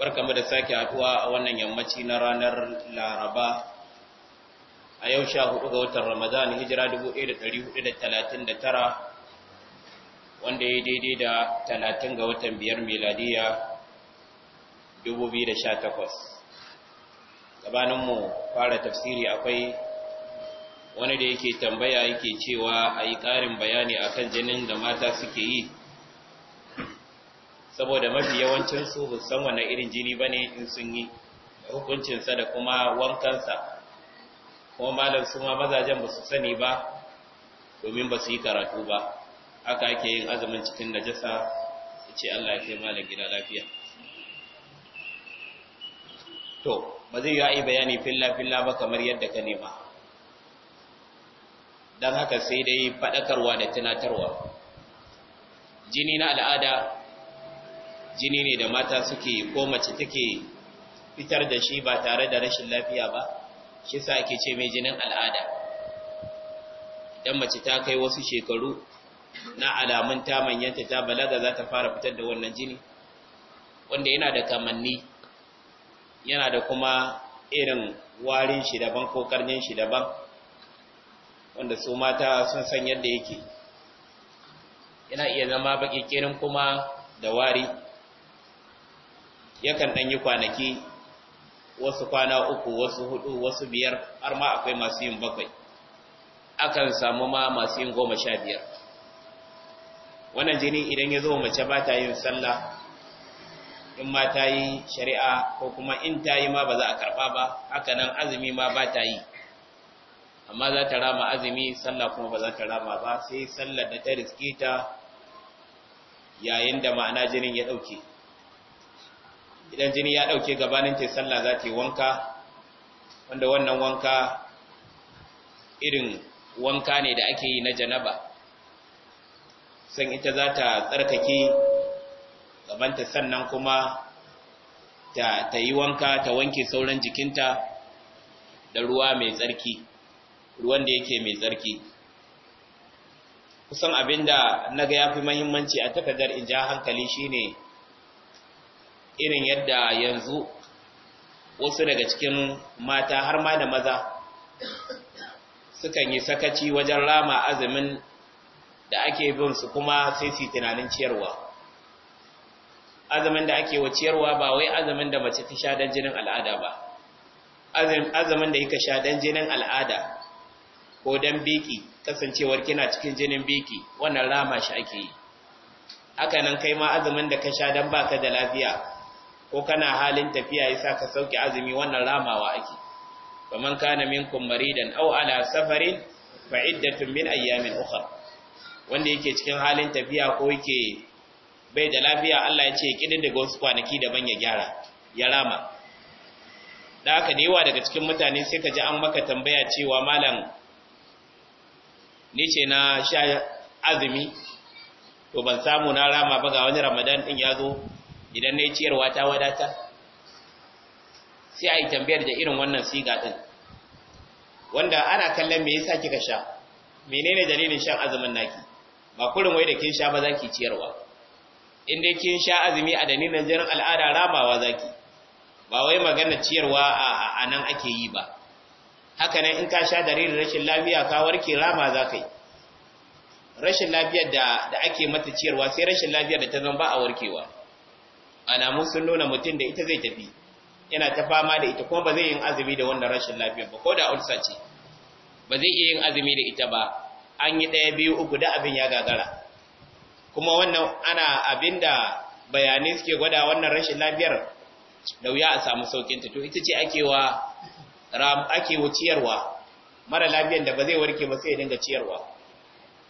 barkamu da sake haduwa a wannan yammaci na ranar laraba a yau sha hudu ga watan ramadan hijira 1439 wanda ya daidai da 30 ga watan biyar meladiya 2018 gabaninmu fara tafsiri akwai wani da yake tambaya yake cewa a yi ƙarin bayani akan jinin da mata suke yi saboda mafi yawancin su ba san wannan irin jini bane in sun yi hukuncin sa da kuma wankan sa kuma malam su ma mazajen ba su sani ba domin ba su yi karatu ba haka ake yin azumin cikin najasa ce Allah ya kai malam gida lafiya to ba zai yi ai bayani filla filla ba kamar yadda ka nema dan haka sai dai fadakarwa da tunatarwa jini na al'ada jini ne da mata suke ko mace take fitar da shi ba tare da rashin lafiya ba shi sa ake ce mai jinin al'ada idan mace ta kai wasu shekaru na alamun ta manyanta ta balaga za ta fara fitar da wannan jini wanda yana da kamanni yana da kuma irin warin shi daban ko karnin shi daban wanda su mata sun san yadda yake yana iya zama baƙi kuma da wari yakan ɗan yi kwanaki wasu kwana uku wasu hudu wasu biyar har ma akwai masu yin bakwai akan samu ma masu yin goma sha biyar wannan jini idan ya zo mace ba ta yin sallah in ma ta yi shari'a ko kuma in ta yi ma ba za a karɓa ba haka nan azumi ma ba ta yi amma za ta rama azumi sallah kuma ba za ta rama ba sai sallah da ta riske ta yayin da ma'ana jinin ya ɗauke idan jini ya ɗauke gabanin ta sallah za ta yi wanka wanda wannan wanka irin wanka ne da ake yi na janaba san ita za ta tsarkake gabanta sannan kuma ta, ta yi wanka ta wanke sauran jikinta da ruwa mai tsarki ruwan da yake mai tsarki kusan abinda naga yafi muhimmanci a takardar in ja hankali shine irin yadda yanzu wasu daga cikin mata har ma da maza sukan yi sakaci wajen rama azumin da ake bin su kuma sai su tunanin ciyarwa azumin da ake waciyarwa ba wai azumin da mace ta sha dan jinin al'ada ba azumin da yake sha dan jinin al'ada ko dan biki kasancewar kina cikin jinin biki wannan rama shi ake yi haka nan kai ma azumin da ka sha dan baka da lafiya ko kana halin tafiya yasa ka sauke azumi wannan ramawa ake faman kana minkum maridan aw ala safarin fa iddatun min ayyamin ukhra wanda yake cikin halin tafiya ko yake bai da lafiya Allah ya ce da wasu kwanaki daban ya gyara ya rama da haka da yawa daga cikin mutane sai ka ji an maka tambaya cewa malam ni ce na sha azumi to ban samu na rama ba ga wani ramadan din ya zo idan na yi ciyarwa ta wadata sai a yi tambayar da irin wannan siga ɗin wanda ana kallon me yasa kika sha menene dalilin shan azumin naki ba kurin wai da kin sha ba za ki ciyarwa in dai kin sha azumi a dalilin jirin al'ada ramawa za ki ba wai magana ciyarwa a nan ake yi ba haka nan in ka sha dalilin rashin lafiya ka warke rama za ka yi rashin lafiyar da ake mata ciyarwa sai rashin lafiyar da ta zan ba a warkewa alamun sun nuna mutum da ita zai tafi yana ta fama da ita kuma ba zai yin azumi da wannan rashin lafiya ba ko da ulsa ce ba zai iya yin azumi da ita ba an yi ɗaya biyu uku da abin ya gagara kuma wannan ana abin da bayanai suke gwada wannan rashin lafiyar da wuya a samu saukin ta to ita ce ake wa ake ciyarwa mara lafiyan da ba zai warke ba sai ya dinga ciyarwa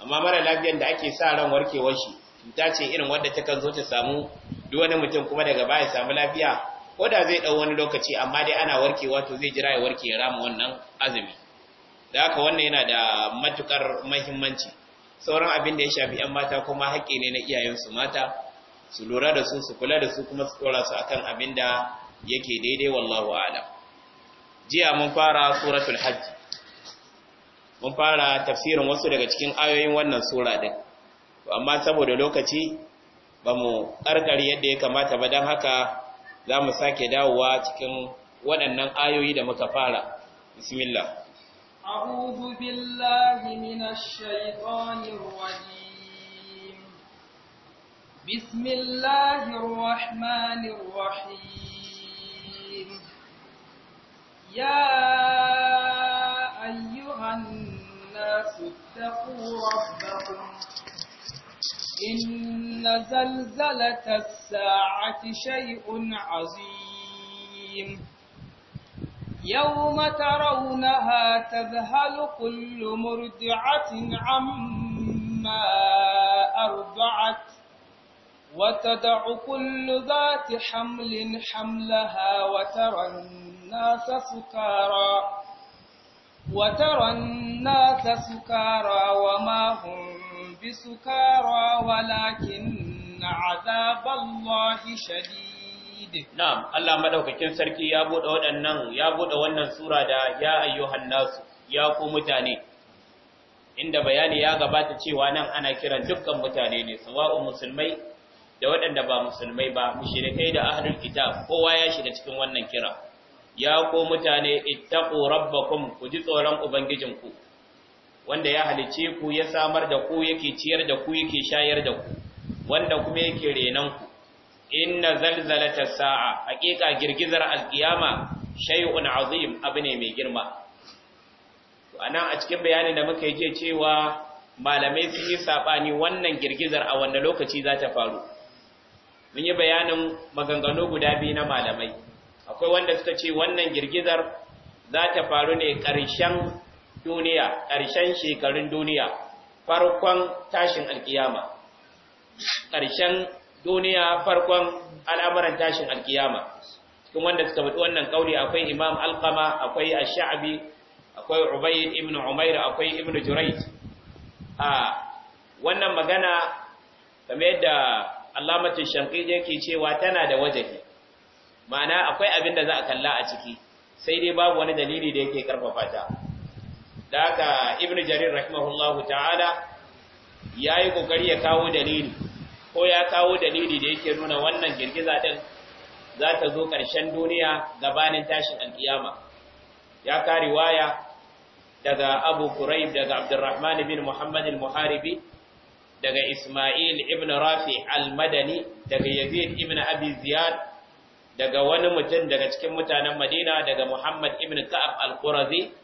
amma mara lafiyan da ake sa ran warkewar shi ta ce irin wadda takan zo ta samu duk wani mutum kuma daga baya samu lafiya ko da zai ɗau wani lokaci amma dai ana warkewa to zai jira ya warke ya rama wannan azumi da haka wannan yana da matukar muhimmanci sauran abin da ya shafi yan mata kuma haƙƙi ne na iyayensu mata su lura da su su kula da su kuma su tsora su akan abin da yake daidai wallahu a'lam jiya mun fara suratul hajj mun fara tafsirin wasu daga cikin ayoyin wannan sura din amma saboda lokaci ba mu ƙarƙar yadda ya kamata ba don haka za mu sake dawowa cikin waɗannan ayoyi da muka fara bismillah أعوذ بالله من الشيطان الرجيم بسم الله الرحمن الرحيم يا أيها الناس اتقوا إن زلزلة الساعة شيء عظيم يوم ترونها تذهل كل مردعة عما أرضعت وتدع كل ذات حمل حملها وترى الناس سكارى وترى الناس سكارى وما هم بسكارى ولكن عذاب الله شديد نعم الله مدaukakin sarki ya bude waɗannan ya buɗe wannan sura da ya ayyuhan nasu ya ku mutane inda bayani ya gabata cewa nan ana kiran dukkan mutane ne sawa'un musulmai da waɗanda ba musulmai ba mushrikai da ahlul kitab kowa ya shiga cikin wannan kira ya ku mutane ittaqu rabbakum ku ji tsoron ubangijinku wanda ya halice ku ya samar da ku yake ciyar da ku yake shayar da ku wanda kuma yake renan ku inna zalzalata sa'a hakika girgizar alqiyama shay'un azim abu ne mai girma to anan a cikin bayanin da muka yi cewa malamai sun yi sabani wannan girgizar a wanda lokaci za ta faru mun yi bayanin maganganu guda biyu na malamai akwai wanda suka ce wannan girgizar za ta faru ne ƙarshen duniya ƙarshen shekarun duniya farkon tashin alkiyama ƙarshen duniya farkon al'amuran tashin alkiyama cikin wanda suka faɗi wannan ƙauye, akwai imam alkama akwai ash-sha'bi akwai ubayd ibn umair akwai ibn jurayj a wannan magana kamar yadda alamatin shanqidi yake cewa tana da wajahi ma'ana akwai abin da za a kalla a ciki sai dai babu wani dalili da yake karfafa ta da haka ibnu jarir rahimahullahu ta'ala yayi kokari ya kawo dalili ko ya kawo dalili da yake nuna wannan girgiza din za ta zo ƙarshen duniya gabanin tashin alkiyama ya ka riwaya daga Abu Quraib daga Abdurrahman ibn Muhammad al-Muharibi daga Ismail ibn Rafi al-Madani daga Yazid ibn Abi Ziyad daga wani mutum daga cikin mutanen Madina daga Muhammad ibn Ka'ab al-Qurazi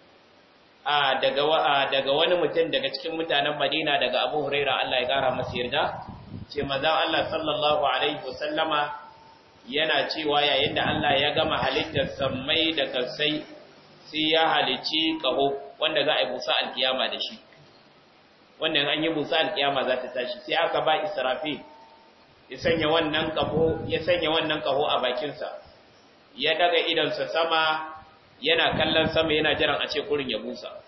daga wani mutum daga cikin mutanen Madina daga Abu Huraira Allah ya gara masa yarda ce manzon Allah sallallahu alaihi wasallama yana cewa yayin da Allah ya gama halittar sammai da kansai sai ya halici kaho wanda za a yi busa alkiyama da shi wannan an yi busa alkiyama za ta tashi sai aka ba israfi ya sanya wannan kaho ya sanya wannan kaho a bakinsa ya daga sa sama yana kallon sama yana jiran a ce kurin ya busa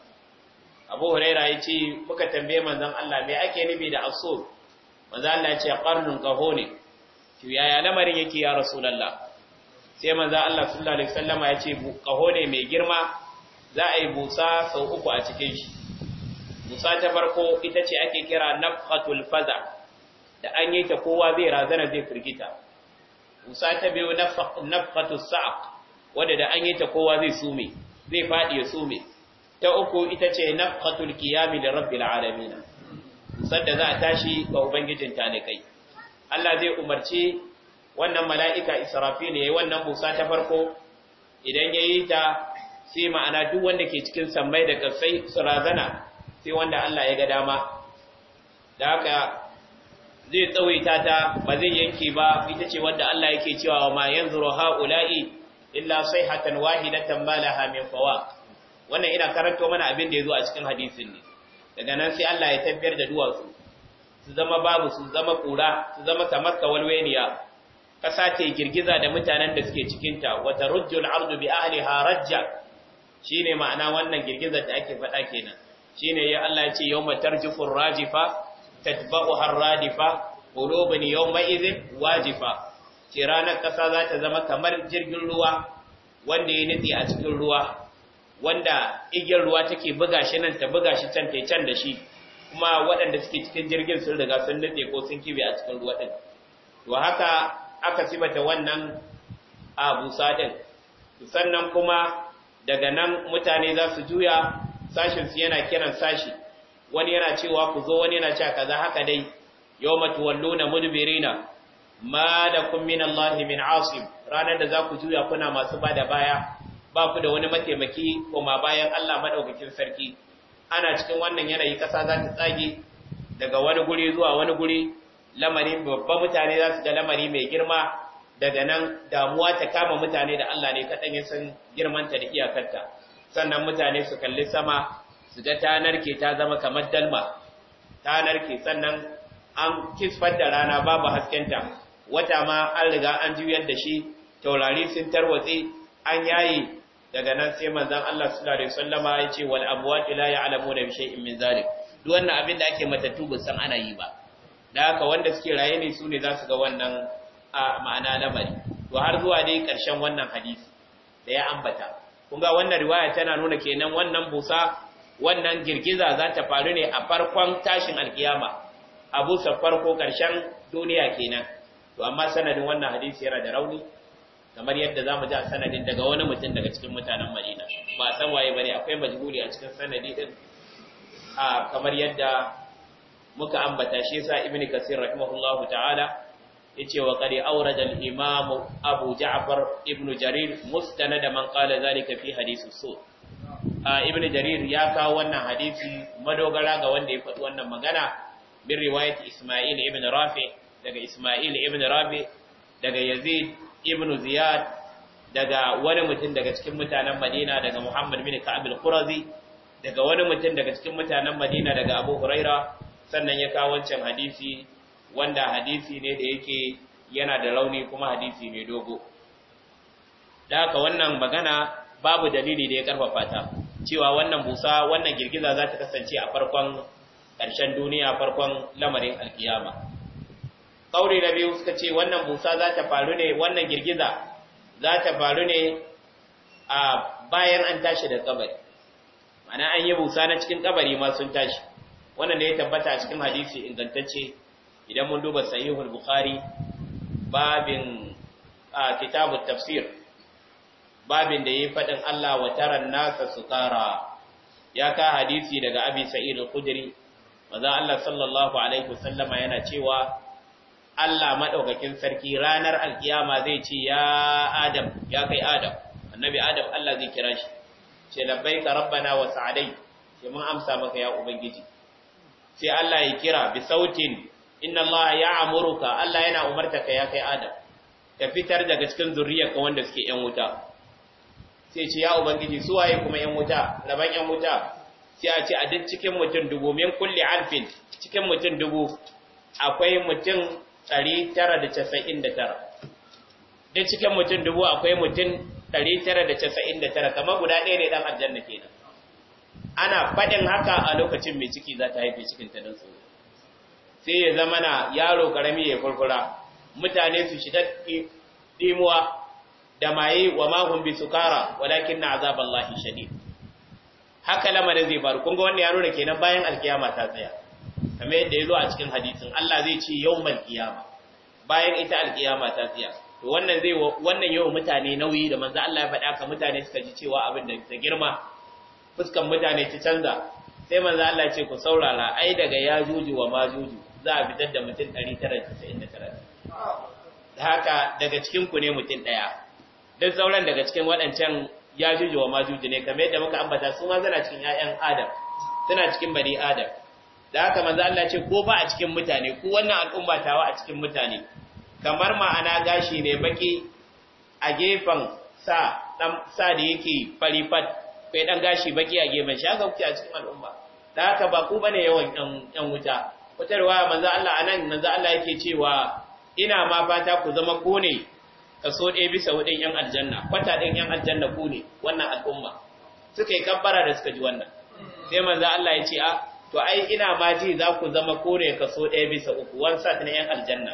abu huraira ya ce muka tambaye manzon Allah me ake nufi da asur manzon Allah ya ce qarnun qaho ne to yaya lamarin yake ya rasulullah sai manzon Allah sallallahu alaihi wasallama ya ce kaho ne mai girma za a yi busa sau uku a cikin shi busa ta farko ita ce ake kira nafhatul faza da an yi ta kowa zai razana zai firgita busa ta biyu nafhatus sa'q da an yi ta kowa zai sume zai faɗi ya sume ta uku ita ce na fatul kiyami da rabbil alamin sanda za a tashi ga ubangijin talikai Allah zai umarci wannan mala'ika Israfil yayi wannan busa ta farko idan yayi ta sai ma'ana duk wanda ke cikin sammai da kasai surazana sai wanda Allah ya ga dama da haka zai tsawaita ta ba zai yanke ba ita ce wanda Allah yake cewa ma yanzuru ha'ula'i illa sayhatan wahidatan ma laha min fawaq wannan ina karanto mana abin da ya zo a cikin hadisin ne daga nan sai Allah ya tabbiyar da duwatsu su zama babu su zama kura su zama kamar kawalweniya kasa ce girgiza da mutanen da suke cikinta wata rujjul ardu bi ahliha rajja shine ma'ana wannan girgizar da ake faɗa kenan shine ya Allah ya ce yawma tarjifur rajifa tatba'uha harradifa qulubun yawma idhin wajifa ce ranar kasa za ta zama kamar jirgin ruwa wanda ya nitsi a cikin ruwa wanda igiyar ruwa take buga shi nan ta buga shi can ta can da shi kuma waɗanda suke cikin jirgin sun riga sun nade ko sun kibe a cikin ruwa din to haka aka simata wannan abu sadin, sannan kuma daga nan mutane za su juya su yana kiran sashi wani yana cewa ku zo wani yana cewa kaza haka dai yawma tuwalluna mudbirina ma da kun min Allah min asim ranar da za ku juya kuna masu bada baya ba ku da wani mataimaki koma bayan Allah madaukakin sarki ana cikin wannan yanayi ƙasa za ta tsage daga wani guri zuwa wani guri lamari babban mutane za su ga lamari mai girma daga nan damuwa ta kama mutane da Allah ne kaɗan ya san girmanta da iyakarta sannan mutane su kalli sama su ga ta narke ta zama kamar dalma ta narke sannan an kisfar da rana babu haskenta wata ma an riga an juyar da shi taurari sun tarwatse an yayi daga nan sai manzon Allah sallallahu alaihi wasallama ya ce wal amwat la ya'lamuna da shay'in min zalik duk wannan abin da ake matattu ba san ana yi ba da haka wanda suke raye ne su ne za su ga wannan a ma'ana lamari to har zuwa dai karshen wannan hadisi da ya ambata kun ga wannan riwaya tana nuna kenan wannan busa wannan girgiza za ta faru ne a farkon tashin alkiyama a busa farko karshen duniya kenan to amma sanadin wannan hadisi yana da rauni kamar yadda zamu ji a sanadin daga wani mutum daga cikin mutanen Madina ba san waye bane akwai majhuli a cikin sanadi din a kamar yadda muka ambata shi yasa ibnu kasir rahimahullahu ta'ala yace wa qad awrada al-imam abu ja'far ibnu jarir mustanad man qala zalika fi hadith as-sur ibnu jarir ya kawo wannan hadisi madogara ga wanda ya faɗi wannan magana bin riwayat isma'il ibn rafi daga isma'il ibn rabi daga yazid ibn Ziyad daga wani mutum daga cikin mutanen Madina daga Muhammad bin Ka'ab al-Qurazi daga wani mutum daga cikin mutanen Madina daga Abu Huraira sannan ya kawo wancan hadisi wanda hadisi ne da yake yana da rauni kuma hadisi ne dogo da haka wannan magana babu dalili da ya karfafa ta cewa wannan busa wannan girgiza za ta kasance a farkon ƙarshen duniya farkon lamarin alkiyama kauri na biyu suka ce wannan busa za ta faru ne wannan girgiza za ta faru ne a bayan an tashi da kabari mana an yi busa na cikin kabari ma sun tashi wannan da ya tabbata a cikin hadisi ingantacce idan mun duba sahihul bukhari babin a kitabut tafsir babin da yayi fadin Allah wa taran nasa sukara ya ka hadisi daga abi sa'id al-khudri maza Allah sallallahu alaihi wasallama yana cewa Allah madaukakin sarki ranar alkiyama zai ce ya Adam ya kai Adam annabi Adam Allah zai kira shi ce labbaika rabbana wa sa'adai ce mun amsa maka ya ubangiji sai Allah ya kira bi sautin inna Allah ya amuruka Allah yana umarta ka ya kai Adam ka fitar daga cikin zuriyarka wanda suke yan wuta sai ce ya ubangiji su waye kuma yan wuta raban yan wuta sai a ce a duk cikin mutum dubu min kulli alfin cikin mutum dubu akwai mutum 999 duk cikin mutum dubu akwai mutum 999 kamar guda ɗaya ne ɗan aljanna ke nan ana faɗin haka a lokacin mai ciki za ta haife cikin ta don sai ya zama na yaro karami ya kurkura mutane su shiga ɗimuwa da maye wa mahun bi kara walakin na azaballahi shadid haka lamarin zai faru kunga ga yaro ya nuna kenan bayan alkiyama ta tsaya kamar yadda ya zo a cikin hadisin Allah zai ce yawmal qiyama bayan ita alqiyama ta tsaya to wannan zai wannan yawan mutane nauyi da manzo Allah ya faɗa ka mutane suka ji cewa abin da ta girma fuskan mutane ta canza sai manzo Allah ya ce ku saurara ai daga yajuju wa majuju za a fitar da mutum 999 haka daga cikin ku ne mutum daya duk sauran daga cikin waɗancan yajuju wa majuju ne kamar yadda muka ambata su ma suna cikin ƴaƴan Adam suna cikin bani Adam da haka manzo Allah ce ko ba a cikin mutane ko wannan al'umma tawa a cikin mutane kamar ma'ana gashi ne baki a gefen sa dan sa da yake farifat kai dan gashi baki a gefen shi haka kuke a cikin al'umma da haka ba ku bane yawan yan wuta kutarwa manzo Allah anan manzo Allah yake cewa ina ma fata ku zama ku ne kaso ɗaya bisa hudun yan aljanna kwata ɗin yan aljanna ku ne wannan al'umma suka yi kabbara da suka ji wannan sai manzo Allah ya ce a to ai ina ma ji za ku zama kore kaso ɗaya bisa uku wan sa na yan aljanna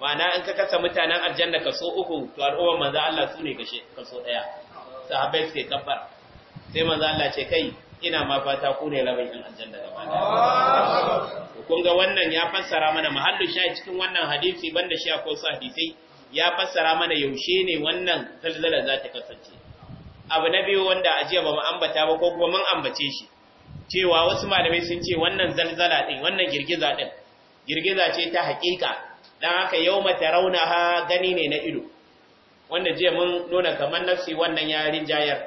ma'ana in ka kasa mutanen aljanna kaso uku to al'ummar manzo Allah su ne kaso ɗaya sahabbai suke kafar sai manzo Allah ce kai ina ma fata ku ne rabin yan aljanna gaba ɗaya kun ga wannan ya fassara mana mahallu sha cikin wannan hadisi banda shi akwai wasu hadisai ya fassara mana yaushe ne wannan zalzala za ta kasance abu na biyu wanda ajiya ba mu ambata ba ko kuma mun ambace shi cewa wasu malamai sun ce wannan zalzala din wannan girgiza din girgiza ce ta haƙiƙa dan haka yawma ha gani ne na ido wanda je mun nuna kamar nafsi wannan yarin jayar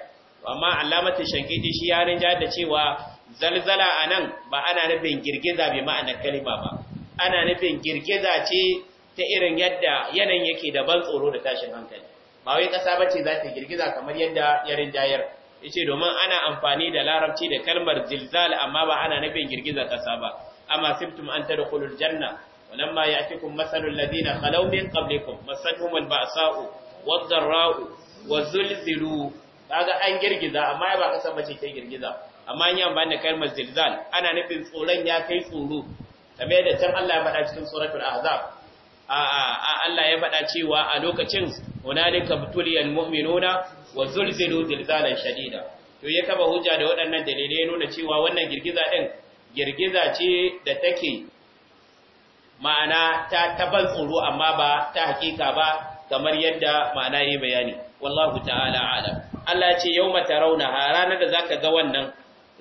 amma alamatin shakidi shi yarin jayar da cewa zalzala anan ba ana nufin girgiza bai ma'anar kalima ba ana nufin girgiza ce ta irin yadda yanayin yake da ban tsoro da tashin hankali ba wai kasa bace za ta girgiza kamar yadda yarin jayar yace domin ana amfani da larabci da kalmar zilzal amma ba ana nufin girgizar kasa ba amma sibtum an tadkhulul janna walamma ya'tikum masalul ladina khalaw min qablikum masatuhumul ba'sa'u wadh-dharra'u wazulzilu kaga an girgiza amma ba kasa bace ta girgiza amma an yi amfani da kalmar zilzal ana nufin tsoron ya kai tsoro kamar yadda can Allah ya faɗa cikin suratul ahzab a Allah ya faɗa cewa a lokacin hunalika butuliyal mu'minuna wa zulzilu zilzalan shadida to ya kaba hujja da waɗannan dalilai ya nuna cewa wannan girgiza din girgiza ce da take ma'ana ta taban tsoro amma ba ta hakika ba kamar yadda ma'ana yi bayani wallahu ta'ala ala Allah ya ce yawma tarawna ranar da zaka ga wannan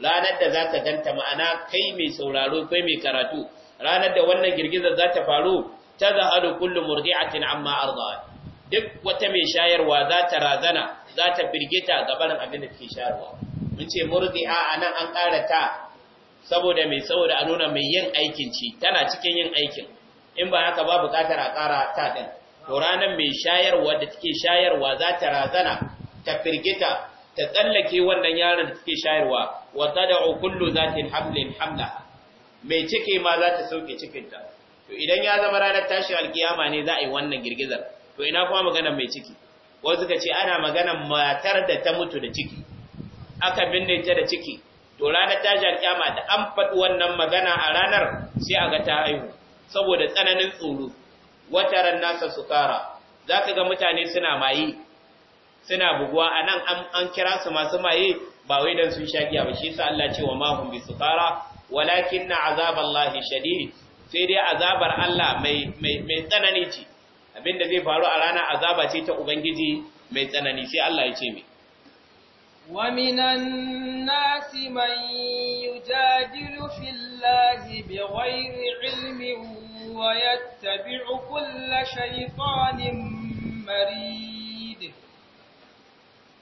ranar da zaka ganta ma'ana kai mai sauraro kai mai karatu ranar da wannan girgiza za ta faru tazhalu kullu murdi'atin amma arda'at duk wata mai shayarwa za ta razana za ta firgita gaban abin da take shayarwa mun ce murdi'a anan an ƙara ta saboda mai saboda a nuna mai yin aikin ci tana cikin yin aikin in ba haka ba buƙatar a ƙara ta din to ranan mai shayarwa da take shayarwa za ta razana ta firgita ta tsallake wannan yaron da take shayarwa wa tad'u kullu zatin hamlin hamla, mai ciki ma za ta sauke cikinta to idan ya zama ranar tashi alkiyama ne za a yi wannan girgizar to ina kuma magana mai ciki wasu ka ce ana magana matar da ta mutu da ciki aka binne ta da ciki to ranar tashi alkiyama da an faɗi wannan magana a ranar sai a ga ta haihu saboda tsananin tsoro wata wataran nasa sukara za ka ga mutane suna maye suna buguwa a nan an kira su masu maye ba wai don sun sha ba shi sa Allah ce wa mahun bi sukara walakin na azaballahi shadid sai dai azabar Allah mai tsanani ce da zai faru a rana azaba ce ta Ubangiji mai tsanani sai Allah ya ce mai. Waminan nasi mai yi jajiru filazi bi wairi ilmi wa ya tabi'u kulla shaifanin mariyu.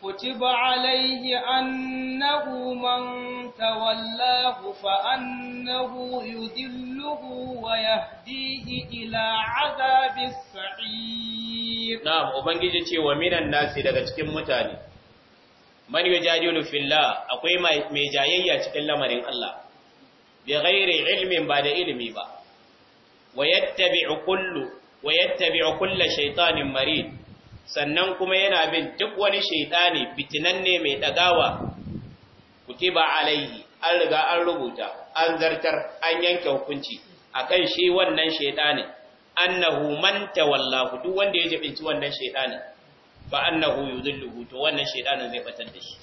كتب عليه أنه من تولاه فأنه يذله ويهديه إلى عذاب السعير نعم وبنجي تي ومن الناس daga cikin mutane man yujadilu fillah akwai mai jayayya cikin lamarin Allah bi ghairi ilmin ba da ilimi ba wa yattabi'u kullu wa yattabi'u marid sannan kuma yana bin duk wani shaitani fitinanne mai dagawa kutiba alaihi an riga an rubuta an zartar an yanke hukunci akan shi wannan shaitani annahu man tawallahu duk wanda ya jibinci wannan shaitani fa annahu yudilluhu to wannan shaitanin zai batar da shi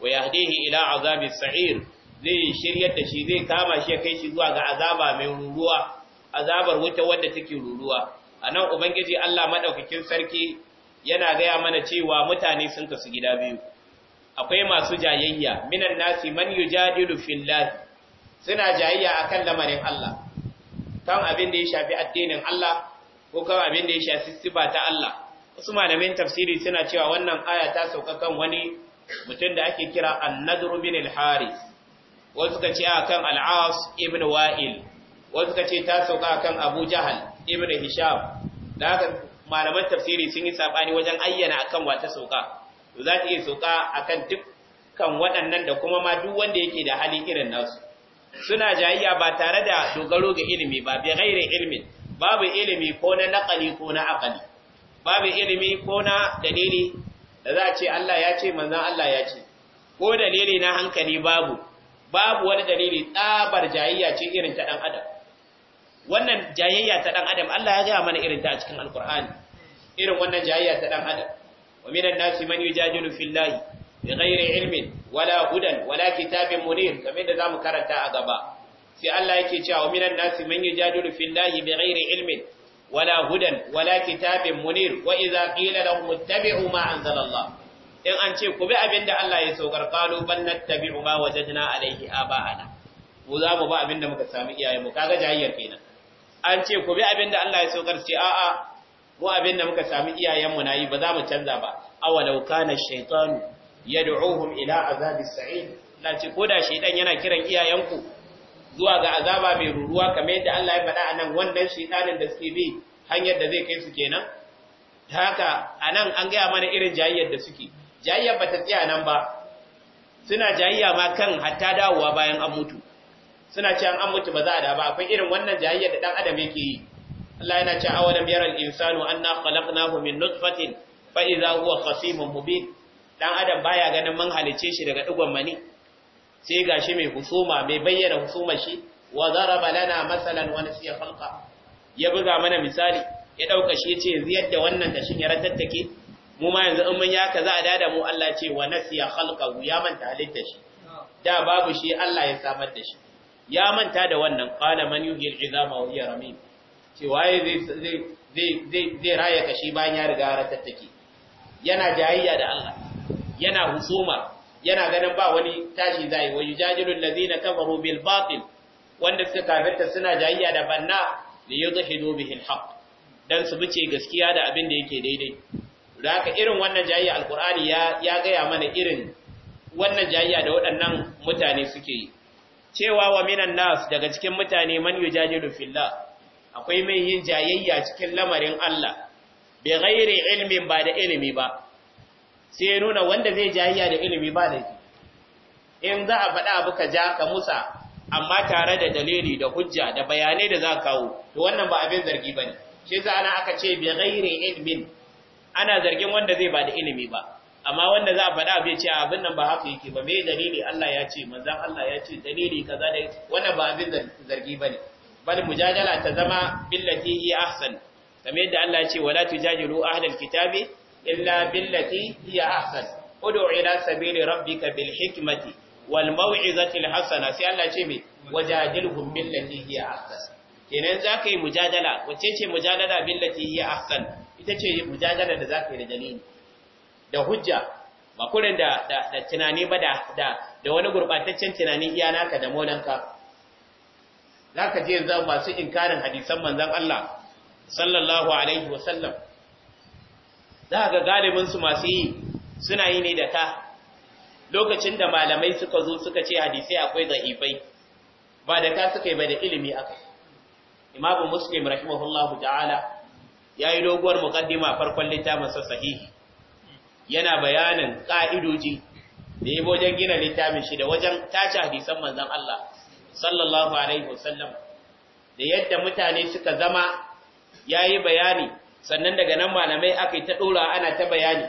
wa yahdihi ila azabis sa'ir zai shiryar da shi zai kama shi ya kai shi zuwa ga azaba mai ruruwa azabar wuta wadda take ruruwa anan ubangiji Allah madaukakin sarki yana gaya mana cewa mutane sun kasu gida biyu akwai masu jayayya minan nasi man yujadilu fillah suna jayayya akan lamarin Allah kan abin da ya shafi addinin Allah ko kan abin da ya shafi sifa ta Allah wasu malamin tafsiri suna cewa wannan aya ta sauka kan wani mutum da ake kira an-nadr bin al-haris wasu ka ce akan al aas ibn wa'il wasu ka ce ta sauka akan abu jahal ibn hisham da malaman tafsiri sun yi sabani wajen ayyana akan wata sauka to za ta iya sauka akan dukkan waɗannan da kuma ma duk wanda yake da hali irin nasu suna jayayya ba tare da dogaro ga ilimi ba bi ghairi ilmin babu ilimi ko na naqali ko na aqali babu ilimi ko na dalili da za a ce Allah ya ce manzon Allah ya ce ko dalili na hankali babu babu wani dalili tsabar jayayya ce irin ta dan adam wannan jayayya ta dan adam Allah ya gaya mana irin ta a cikin alkur'ani irin wannan jayayya ta dan adam wa minan nasi man yujadilu fillahi bighairi ilmin wala hudan wala kitabin munir kamar da zamu karanta a gaba sai Allah yake cewa wa minan nasi man yujadilu fillahi bighairi ilmin wala hudan wala kitabin munir wa idza qila lahum ittabi'u ma anzalallah in an ce ku bi abinda Allah ya saukar kalu ban nattabi'u ma wajadna alaihi aba'ana mu za mu ba abinda muka samu iyayen mu kaga jayyar kenan an ce ku bi abin da Allah ya saukar ce a'a mu abin da muka sami iyayenmu na yi ba za mu canza ba awalau kana shaytan yad'uhum ila as sa'id la ce ko da shaytan yana kiran iyayenku zuwa ga azaba mai ruruwa kamar yadda Allah ya faɗa anan wannan shaytanin da suke bi hanyar da zai kai su kenan haka anan an gaya mana irin jayyar da suke jayyar ba ta tsaya nan ba suna jayayya ma kan hatta dawowa bayan an mutu suna ce an mutu ba za a da ba akwai irin wannan jahiyyar da dan adam yake yi Allah yana cewa awalam yaral insanu anna khalaqnahu min nutfatin fa idza huwa khasimun mubin dan adam baya ganin mun halice shi daga digon mani sai gashi mai husuma mai bayyana husuma shi wa zaraba lana masalan wa nasiya khalqa ya buga mana misali ya dauka shi yace yanzu yadda wannan kashin ya ratattake mu ma yanzu in mun yaka za a dada mu Allah ce wa nasiya khalqa ya manta halitta shi da babu shi Allah ya samar da shi ya manta da wannan qala man yuhil izama wa hiya ramim ce waye zai zai zai zai raya kashi bayan ya riga ratattake yana jayayya da Allah yana husuma yana ganin ba wani tashi zai wa yujadilul ladina kafaru bil batil wanda suka kafirta suna jayayya da banna li yudhidu bihi al haqq dan su bice gaskiya da abin da yake daidai da haka irin wannan jayayya alqur'ani ya ya gaya mana irin wannan jayayya da waɗannan mutane suke yi cewa wa minan nas daga cikin mutane man yujadilu fillah akwai mai yin jayayya cikin lamarin Allah bi ghairi ilmin ba da ilimi ba sai nuna wanda zai jayayya da ilimi ba da in za a faɗa abu ka ja ka musa amma tare da dalili da hujja da bayanai da za kawo to wannan ba abin zargi bane shi za ana aka ce bi ghairi ilmin ana zargin wanda zai ba da ilimi ba amma wanda za a faɗa bai ce abin nan ba haka yake ba me dalili Allah ya ce manzon Allah ya ce dalili kaza da wannan ba abin zargi bane bal mujadala ta zama billati hi ahsan kamar yadda Allah ya ce wala tujadilu ahlal kitabi illa billati hi ahsan ud'u ila sabili rabbika bil hikmati wal maw'izati al hasana sai Allah ce me wajadilhum billati hi ahsan kenan za ka yi mujadala wacce ce mujadala billati hi ahsan ita ce mujadala da za ka yi da dalili da hujja ba kurin da da tunani ba da da wani gurbataccen tunani iya naka da molanka zaka je yanzu masu inkarin hadisan manzon Allah sallallahu alaihi wasallam za ga galibin su masu yi suna yi ne da ka lokacin da malamai suka zo suka ce hadisai akwai da'ifai ba da ka suka yi ba da ilimi aka imamu muslim rahimahullahu ta'ala yayi doguwar muqaddima farkon littafin sa sahihi yana bayanin ƙa’idoji da yi wajen gina littafin shi da wajen tashi hadisan manzan Allah sallallahu alaihi wasallam da yadda mutane suka zama ya yi bayani sannan daga nan malamai aka yi ta ɗora ana ta bayani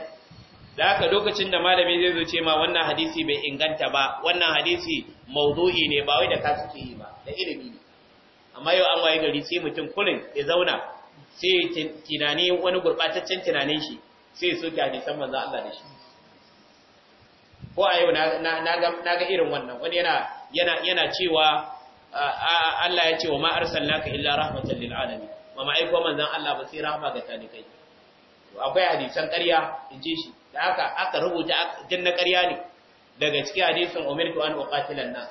da aka lokacin da malami zai zo ce ma wannan hadisi bai inganta ba wannan hadisi mawdu'i ne ba wai da ka suke yi ba da ilimi ne amma yau an waye gari sai mutum kulin ya zauna sai tunani wani gurɓataccen tunanin shi sai su ki hadisan manzo Allah da shi ko a yau na ga irin wannan wani yana cewa Allah ya ce wa ma arsalnaka illa rahmatan lil alamin ma mai ko manzon Allah ba sai rahma ga talikai akwai hadisan ƙarya in ji shi da aka aka rubuta din na ƙarya ne daga cikin hadisin umirtu an uqatilan nas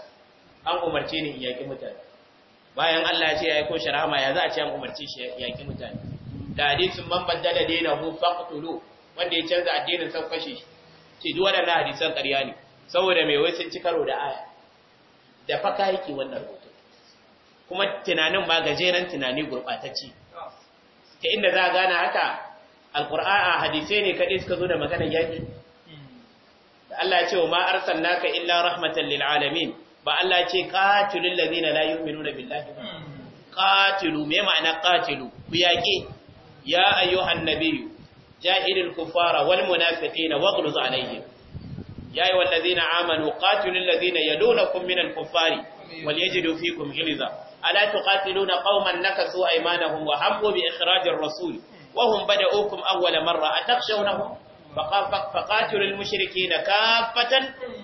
an umarce ni in yaki mutane bayan Allah ya ce ya ko sharama rahma ya za a ce an umarce shi yaki mutane da hadisin man na hu faqtulu wanda ya canza addinin san fashe shi ce duk wannan hadisan ƙarya ne saboda mai wai sun ci karo da aya da faka yake wannan hoto kuma tunanin ba gajeren tunani gurɓatacce ta inda za a gane haka alƙur'an hadisai ne kadai suka zo da magana yaƙi da Allah ce wa ma arsalnaka illa rahmatan lil alamin ba Allah ce qatilul ladina la yu'minuna billahi hmm. qatilu me ma'ana qatilu ku yaƙi ya ayyuhan nabiyyu jahilul kufara wal munafiqina waghluz alaihim ya ayyuhal ladzina amanu qatilul ladzina yalunakum minal kuffari وليجدوا فيكم غلظة ألا تقاتلون قوما نكثوا أيمانهم وهموا بإخراج الرسول وهم بدأوكم أول مرة أتخشونهم فقاتلوا المشركين كافة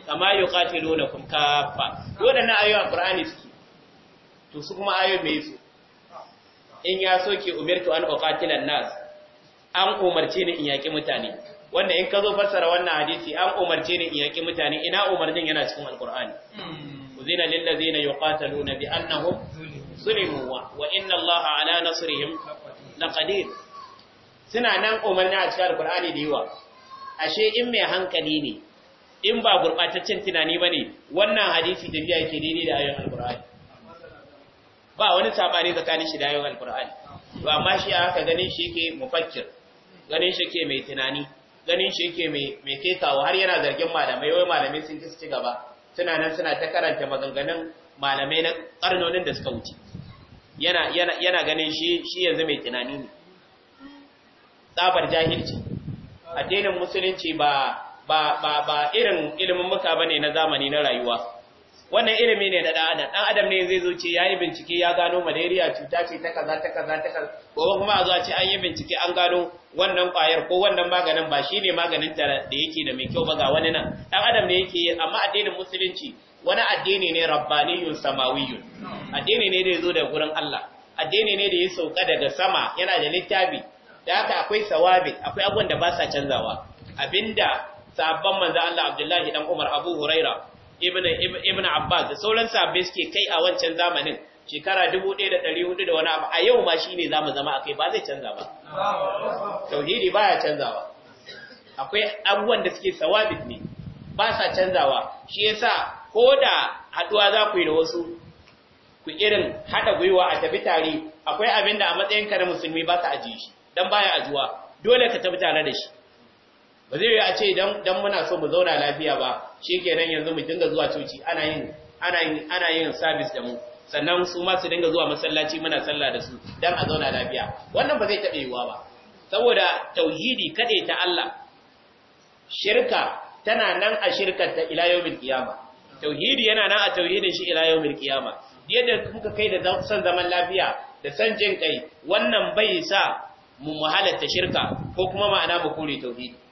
كما يقاتلونكم كافة ودنا أيها القرآن تسكما أيها ميسو إن ياسوكي أمرت أن أقاتل الناس an umarce ni in yaki mutane wanda in ka zo fassara wannan hadisi an umarce ni in yaki mutane ina umarnin yana cikin Alƙur'ani. uzina lil ladzina yuqataluna bi annahum zulimu wa inna allaha ala nasrihim laqadir suna nan umarni a cikin Alƙur'ani da yawa ashe in mai hankali ne in ba gurɓataccen tunani bane wannan hadisi da biya yake daidai da ayoyin Alƙur'ani. ba wani sabani tsakanin shi da ayoyin Alƙur'ani. to amma shi aka ganin shi yake mufakkir ganin shi ke mai tunani ganin shi ke mai kekawa har yana zargin malamai wai malamai sun ci ci gaba suna nan suna ta karanta maganganun malamai na karnonin da suka wuce yana yana ganin shi shi yanzu mai tunani ne tsabar jahilci addinin musulunci ba ba ba ba irin ilimin muka bane na zamani na rayuwa wannan ilimi ne da dan adam dan adam ne zai zo ce ya yi bincike ya gano malaria cuta ce ta kaza ta kaza ta kaza gobe kuma a zo ce an yi bincike an gano wannan kwayar ko wannan maganin ba shine maganin ta da yake da mai kyau ba ga wani nan dan adam ne yake yi amma addinin musulunci wani addini ne rabbaniyun samawiyun addini ne da ya zo da gurin Allah addini ne da ya sauka daga sama yana da littafi da haka akwai sawabi akwai abubuwan da ba sa canzawa abinda sabon manzo Allah Abdullahi dan Umar Abu Huraira ibn ibn Abbas da sauran sahabbai suke kai a wancan zamanin shekara 1400 da wani abu a yau ma shine zamu zama akai ba zai canza ba tauhidi baya canzawa akwai abubuwan da suke sawabit ne ba sa canzawa shi yasa koda haduwa za ku yi da wasu ku irin haɗa gwiwa a tafi tare akwai abin da a matsayin ka na musulmi ba ka ajiye shi dan baya ajuwa dole ka tafi tare da shi ba zai yi a ce don muna so mu zauna lafiya ba shi nan yanzu mu dinga zuwa coci ana yin sabis da mu sannan su ma dinga zuwa masallaci muna sallah da su don a zauna lafiya wannan ba zai taɓa yiwuwa ba saboda tauhidi kaɗe ta Allah shirka tana nan a shirkar ta ila yawmil tauhidi yana nan a tauhidin shi ila yawmil qiyama yadda kuka kai da son zaman lafiya da san jin kai wannan bai sa mu muhalatta shirka ko kuma ma'ana mu kore tauhidi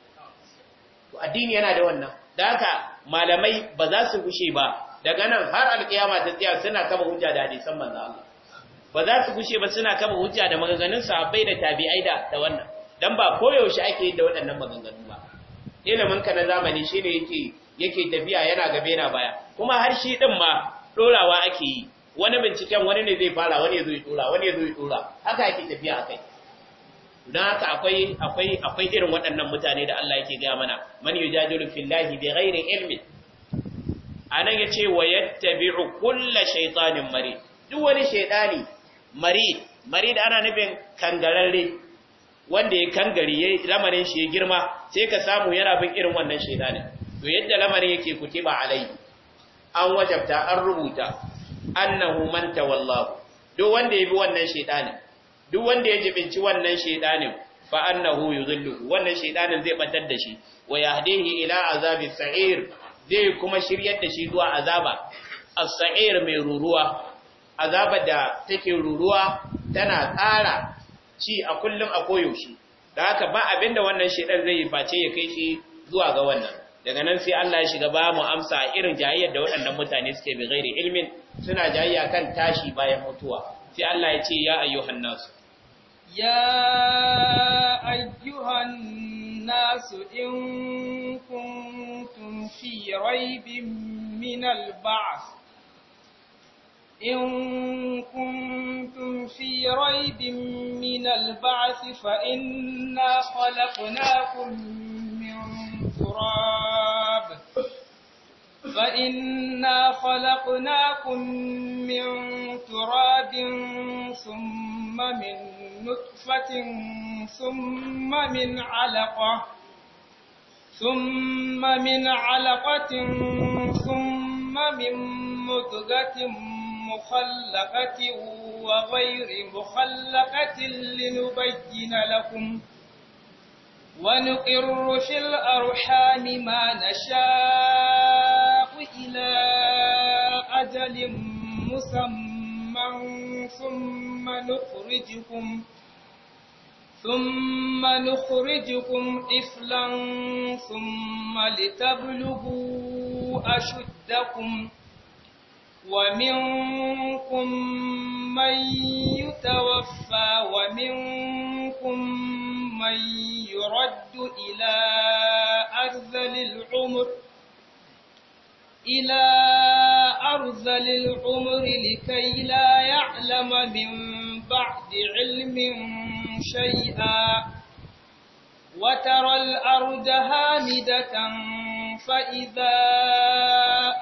to addini yana da wannan da haka malamai ba za su gushe ba daga nan har alkiyama ta tsaya suna kama hujja da hadisan manzo Allah ba za su gushe ba suna kama hujja da maganganun sahabbai da tabi'ai da da wannan dan ba koyaushe ake yin da waɗannan maganganu ba ilimin ka na zamani shine yake yake tafiya yana gabe na baya kuma har shi din ma dorawa ake yi wani binciken wani ne zai fara wani ya zo ya dora wani ya zo ya dora haka ake tafiya akai don haka akwai akwai akwai irin waɗannan mutane da Allah yake gaya mana man yujadilu fillahi bighairi ilmi anan yace wa yattabi'u kulla shaytanin mari duk wani shaytani mari mari da ana nufin kangararre wanda ya kangare yayi lamarin shi ya girma sai ka samu yana bin irin wannan shaytani to yadda lamarin yake kutiba alai an wajabta an rubuta annahu man tawallahu duk wanda ya bi wannan shaytanin duk wanda ya jibinci wannan shaidanin fa annahu yuzilluhu wannan shaidanin zai batar da shi wa yahdihi ila azabi sa'ir zai kuma shiryar da shi zuwa azaba as-sa'ir mai ruruwa azaba da take ruruwa tana tsara ci a kullum a koyaushe da haka ba abinda wannan shaidan zai yi face ya kai shi zuwa ga wannan daga nan sai Allah ya shiga ba mu amsa irin jayayyar da waɗannan mutane suke bi ghairi ilmin suna jayayya kan tashi bayan mutuwa sai Allah ya ce ya ayyuhan nasu يا أيها الناس إن كنتم في ريب من البعث إن كنتم في ريب من البعث فإنا خلقناكم من تراب فإنا خلقناكم من تراب ثم من نطفة ثم من علقة ثم من علقة ثم من مضغة مخلقة وغير مخلقة لنبين لكم ونقر في الأرحام ما نشاء إلى أجل مسمى ثم نخرجكم ثم نخرجكم إفلا ثم لتبلغوا أشدكم ومنكم من يتوفى ومنكم من يرد إلى أرذل العمر إلى أرذل العمر لكي لا يعلم من بعد علم شيئا وترى الأرض هامدة فإذا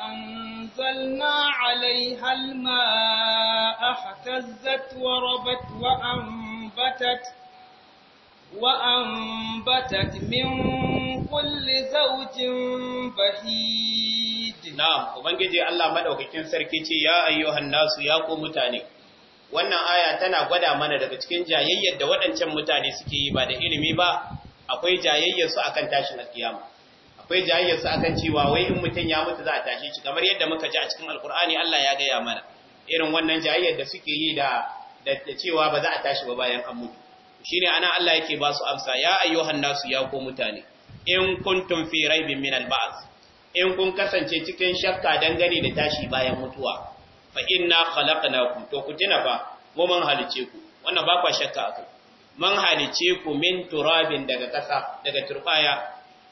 أنزلنا عليها الماء اهتزت وربت وأنبتت وأنبتت من kulli zawjin bahid na'am ubangiji Allah madaukakin sarki ce ya ayyuhan nasu ya ku mutane wannan aya tana gwada mana daga cikin jayayyar da waɗancan mutane suke yi ba da ilimi ba akwai jayayyar su akan tashin kiyama akwai jayayyar su akan cewa wai in mutum ya mutu za a tashi shi kamar yadda muka ji a cikin alkur'ani Allah ya gaya mana irin wannan jayayyar da suke yi da da cewa ba za a tashi ba bayan an mutu shine ana Allah yake ba su amsa ya ayyuhan nasu ya ko mutane in kuntum fi raibin min al in kun kasance cikin shakka dangane da tashi bayan mutuwa fa inna khalaqnakum to ku tuna fa mu man halice ku wannan ba kwa shakka akai man halice ku min turabin daga kasa daga turfaya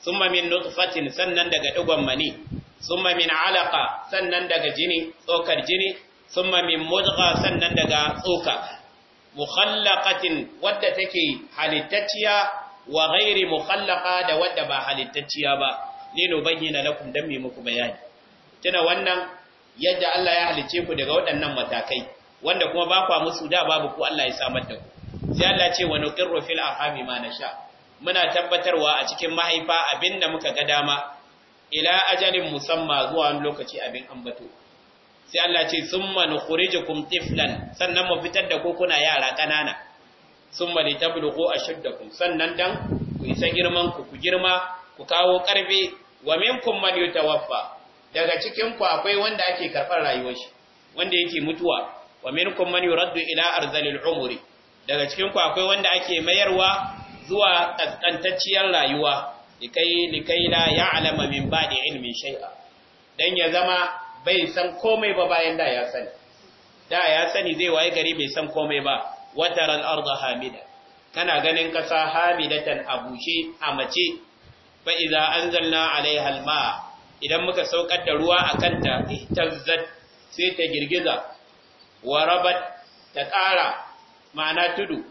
summa min nutfatin sannan daga digon mani summa min alaqa sannan daga jini tsokar jini summa min mudgha sannan daga tsoka mukhallaqatin wadda take halittaciya. wa ghairi mukhallaqa da wadda ba halittacciya ba no bayyana lakum dan me muku bayani tana wannan yadda Allah ya halice ku daga waɗannan matakai wanda kuma ba kwa musu da babu ku Allah ya samar da ku sai Allah ce wa nuqirru fil ahami ma nasha muna tabbatarwa a cikin mahaifa abinda muka ga dama ila ajalin musamma zuwa wani lokaci abin ambato sai Allah ce summa nukhrijukum tiflan sannan mu fitar da ku kuna yara kanana sun mali a ashaddakum sannan dan ku isa girman ku ku girma ku kawo karbe wa minkum man yatawaffa daga cikin ku akwai wanda ake karɓar rayuwar shi wanda yake mutuwa wa minkum man yuraddu ila arzalil umri daga cikin ku akwai wanda ake mayarwa zuwa kaskantacciyar rayuwa likai likai la ya'lama min ba'di ilmin shay'a dan ya zama bai san komai ba bayan da ya sani da ya sani zai waye gari bai san komai ba wataran arda hamida kana ganin kasa hamidatan abushe a mace fa idza anzalna alaiha alma idan muka saukar da ruwa akan ta ihtazzat sai ta girgiza wa rabat ta ƙara ma'ana tudu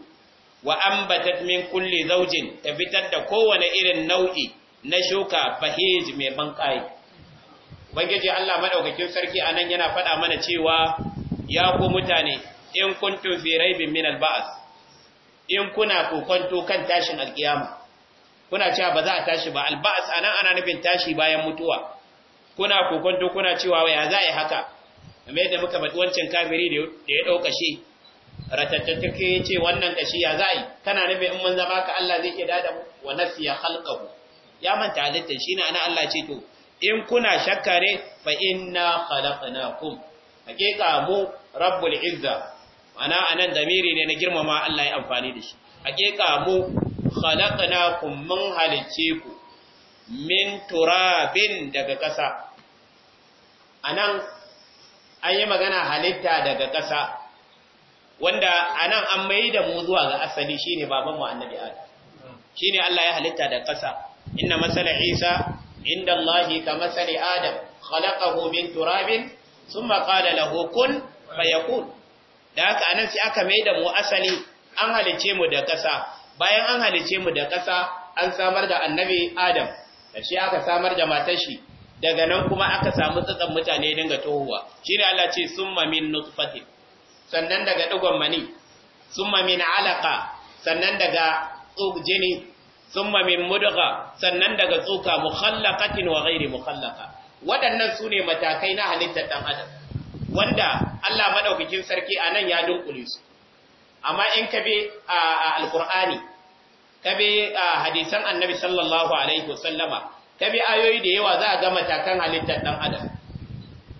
wa ambatat min kulli zaujin ta fitar da kowane irin nau'i na shuka bahij mai banƙai ubangiji Allah madaukakin sarki anan yana faɗa mana cewa ya ku mutane in kuntum fi raibin min al in kuna kokonto kan tashin alkiyama kuna cewa ba za a tashi ba alba'as anan ana nufin tashi bayan mutuwa kuna kokonto kuna cewa ya za yi haka kamar yadda muka bada wancan kafiri da ya dauka shi ratattake ya ce wannan kashi ya za yi kana nufin in mun zama ka Allah zai iya dada mu wa nasiya khalqahu ya manta halitta ne ana Allah ce to in kuna shakkare fa inna khalaqnakum hakika mu rabbul izza ana anan damiri ne na girmama Allah ya amfani da shi hakika mu khalaqnakum mun halice ku min turabin daga ƙasa anan an yi magana halitta daga ƙasa wanda anan an mai da mu zuwa ga asali shine baban mu annabi adam shine Allah ya halitta daga ƙasa inna masala isa inda Allah ka masali adam khalaqahu min turabin thumma qala lahu kun fayakun da haka anan sai aka mai da mu asali an halice mu da ƙasa bayan an halice mu da ƙasa an samar da annabi adam da shi aka samar da matashi daga nan kuma aka samu tsatsan mutane dinga tohuwa shine Allah ce summa min nutfatin sannan daga digon mani summa min alaqa sannan daga tsug jini summa min mudgha sannan daga tsoka mukhallaqatin wa ghairi mukhallaqa waɗannan sune matakai na halittar dan adam wanda Allah madaukakin sarki anan ya dunkule su amma in kabe a alqur'ani kabe hadisan annabi sallallahu alaihi wasallama kabe ayoyi da yawa za a ga matakan halittar dan adam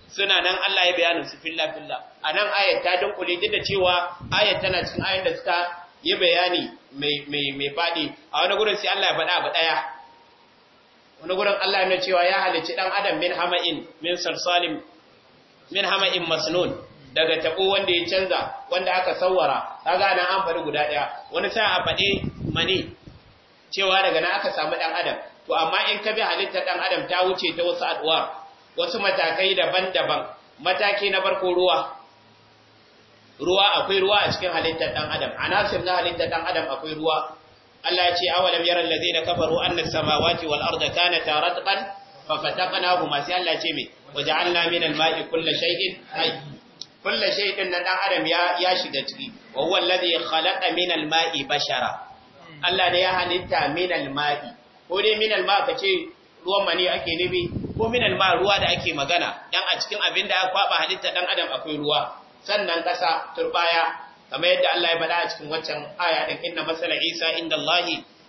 suna nan Allah ya bayanin su filla filla anan ayat ta dunkule duk da cewa ayat tana cikin ayoyin da suka yi bayani mai mai fadi a wani gurin sai Allah ya faɗa abu daya wani gurin Allah ya nuna cewa ya halicci dan adam min hama'in min salsalim min in masnun daga tabo wanda ya canza wanda aka sawara kaga nan an guda ɗaya wani sa a faɗi mani cewa daga nan aka samu ɗan adam to amma in ka bi halittar ɗan adam ta wuce ta wasu adwar wasu matakai daban-daban mataki na farko ruwa ruwa akwai ruwa a cikin halittar ɗan adam anasir na halittar ɗan adam akwai ruwa Allah ya ce awalam yaral ladina kafaru anna samawati wal arda kanata ratqan fa fataqnahuma sai Allah ce me waj'alna allah al-ma'i kullu shay'in na dan adam ya ya shiga ciki wa huwa alladhi khalaqa min al-ma'i bashara Allah da ya halitta min mai ko dai min al ka kace ruwan mani ake nufi ko min ma ruwa da ake magana dan a cikin abin da aka kwaba halitta dan adam akwai ruwa sannan kasa turbaya kamar yadda Allah ya faɗa a cikin waccan aya din inna masala Isa inda Allah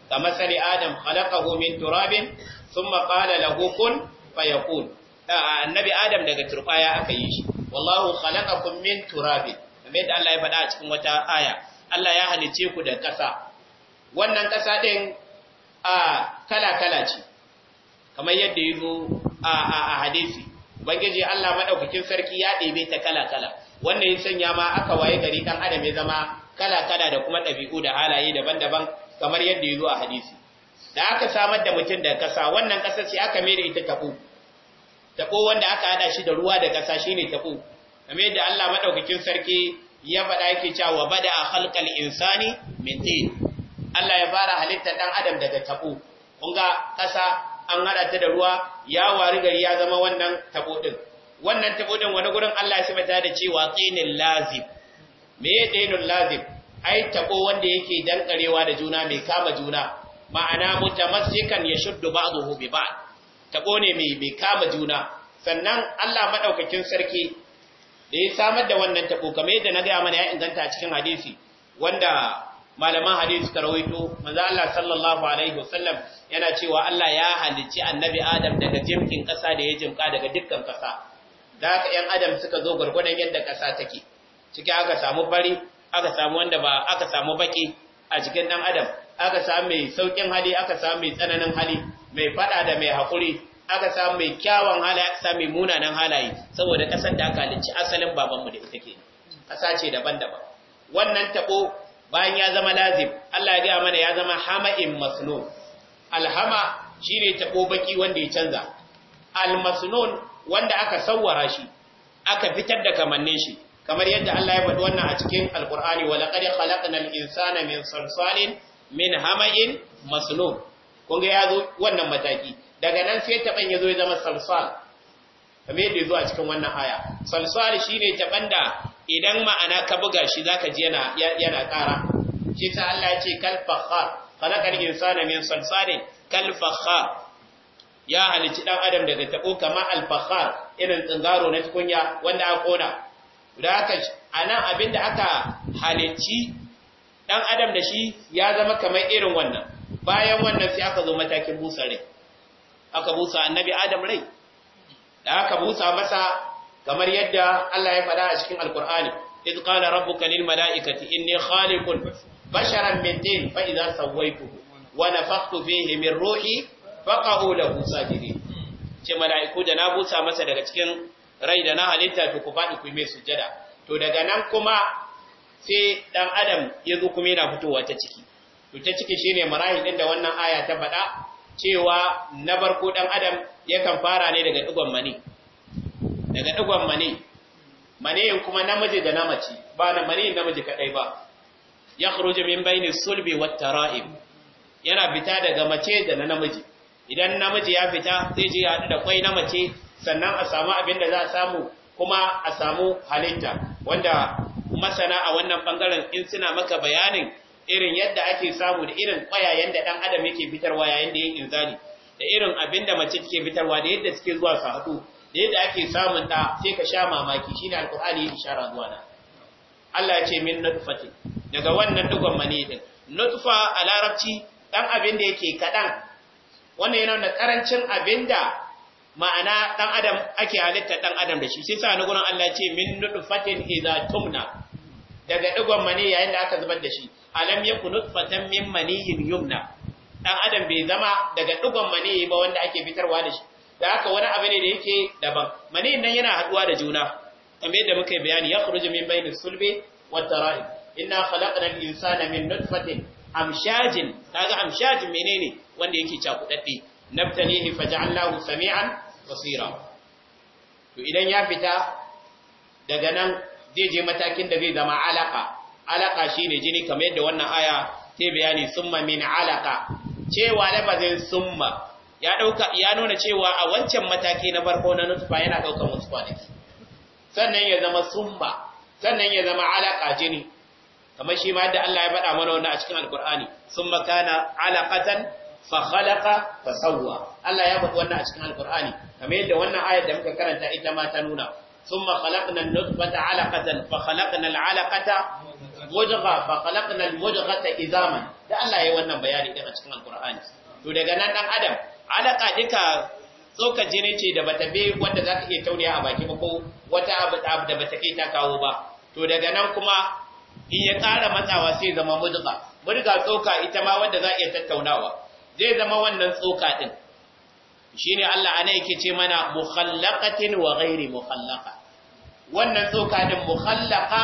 ka masali Adam khalaqahu min turabin thumma qala lahu kun fayakun annabi adam daga ya aka yi shi wallahu khalaqakum min turabin kamar da Allah ya faɗa a cikin wata aya Allah ya halice ku da ƙasa wannan ƙasa din a kala-kala ce kamar yadda yi a hadisi ubangiji Allah madaukakin sarki ya ɗebe ta kala-kala Wannan ya sanya ma aka waye gari dan adam ya zama kala-kala da kuma ɗabi'u da halaye daban-daban kamar yadda yi a hadisi da aka samar da mutum da ƙasa wannan ƙasa ce aka mere ita tabu tabo wanda aka hada shi da ruwa da ƙasa shine tabo kamar yadda Allah madaukakin sarki ya faɗa yake cewa bada khalqal insani min tin Allah ya fara halitta dan adam daga tabo kun ga ƙasa an hada ta da ruwa ya wari gari ya zama wannan tabo din wannan tabo din wani gurin Allah ya ta da cewa qinil lazib me tinil lazib ai tabo wanda yake dankarewa da juna mai kama juna ma'ana mutamassikan yashuddu ba'dahu bi ba'd Taɓo ne mai kama juna sannan Allah maɗaukakin sarki da ya samar da wannan taɓo? kamar yadda na gaya mana ya inganta cikin hadisi wanda malaman hadisi suka rawaito manzo Allah sallallahu alaihi wasallam yana cewa Allah ya halicci annabi Adam daga jimkin ƙasa da ya jimka daga dukkan ƙasa? da haka ƴan Adam suka zo gurgurdan yadda kasa take ciki aka samu bari aka samu wanda ba aka samu baƙi a cikin ɗan Adam aka samu mai saukin hali aka samu mai tsananin hali mai fada da mai haƙuri aka samu mai kyawun halaye aka samu munanan halaye saboda ƙasar da aka halicci asalin babanmu da ita ke ƙasa ce daban-daban wannan taɓo bayan ya zama lazim Allah ya gaya mana ya zama hama'in masnun alhama shine taɓo baki wanda ya canza almasnun wanda aka sawwara shi aka fitar da kamannin shi kamar yadda Allah ya faɗi wannan a cikin alqur'ani wa laqad khalaqnal insana min salsalin min hama'in masnun kun ga ya zo wannan mataki daga nan sai taɓan ya zo ya zama salsal kamar yadda ya zo a cikin wannan aya salsal shine taban da idan ma'ana ka buga shi zaka ji yana ƙara shi ta Allah ya ce kal fakhar khalaqal insana min salsalin ya halici ɗan adam daga taɓo kamar al irin tsingaro na tukunya wanda a kona da nan abin da aka halici ɗan adam da shi ya zama kamar irin wannan bayan wannan sai aka zo matakin busa rai aka busa annabi adam rai da aka busa masa kamar yadda Allah ya faɗa a cikin alkur'ani iz qala rabbuka lil mala'ikati inni khaliqun basharan min tin fa idza sawaituhu wa nafakhtu fihi min ruhi faqa'u lahu sajidin ce mala'iku da na busa masa daga cikin rai da na halitta to ku faɗi ku yi mai sujjada to daga nan kuma sai dan adam ya zo kuma yana fitowa ta ciki to ta ciki shine marahil din da wannan aya ta faɗa cewa na barko dan adam yakan fara ne daga digon mani daga digon mani yin kuma namiji da namaci ba na yin namiji kadai ba Ya yakhruju min bayni sulbi wat tara'ib yana fita daga mace da na namiji idan namiji ya fita sai ji ya da kwai na sannan a samu abin da za a samu kuma a samu halitta wanda masana a wannan bangaren in suna maka bayanin irin yadda ake samu da irin ƙwaya da ɗan adam yake fitarwa yayin da yake inzali da irin abin da mace take fitarwa da yadda suke zuwa su haɗu da yadda ake samun ɗa sai ka sha mamaki shine alƙur'ani ya isharar zuwa nan Allah ya ce min nutfati daga wannan dugon mani din nutfa a larabci dan abin da yake kadan wannan yana da karancin da ma'ana dan adam ake halitta ɗan adam da shi sai sa ni gurin Allah ya ce min nutfatin idza tumna daga digon mani yayin da aka zubar da shi alam yaku nutfatan min maniyin yumna dan adam bai zama daga digon mani ba wanda ake fitarwa da shi da haka wani abu ne da yake daban maniyin nan yana haɗuwa da juna kamar yadda muka bayani ya khuruju min bainis sulbi wat tara'ib inna khalaqna al-insana min nutfatin amshajin kaga amshajin menene wanda yake cakudadde nabtanihi faj'alnahu sami'an basira to idan ya fita daga nan zai je matakin da zai zama alaka alaka shine jini kamar yadda wannan aya ta bayani summa min alaka cewa lafazin summa ya dauka ya nuna cewa a wancan mataki na farko na nutfa yana daukan wasu kwanaki sannan ya zama summa sannan ya zama alaka jini kamar shi ma yadda Allah ya faɗa mana wannan a cikin alkur'ani summa kana alaqatan fa khalaqa fa sawwa Allah ya faɗi wannan a cikin alkur'ani kamar yadda wannan ayar da muka karanta ita ma ta nuna ثم خلقنا النطفة علقة فخلقنا العلقة مدغة فخلقنا المدغة إذاما da Allah yi wannan bayani din a cikin Alkur'ani to daga nan dan adam alaka duka tsoka jini ce da bata bi wanda zaka iya tauniya a baki ba ko wata abu da bata kai ta kawo ba to daga nan kuma in ya ƙara matsawa sai zama mudga mudga tsoka ita ma wanda za iya tattaunawa zai zama wannan tsoka ɗin. shine Allah ana yake ce mana mukhallaqatin wa ghairi mukhallaqa wannan tsoka din mukhallaqa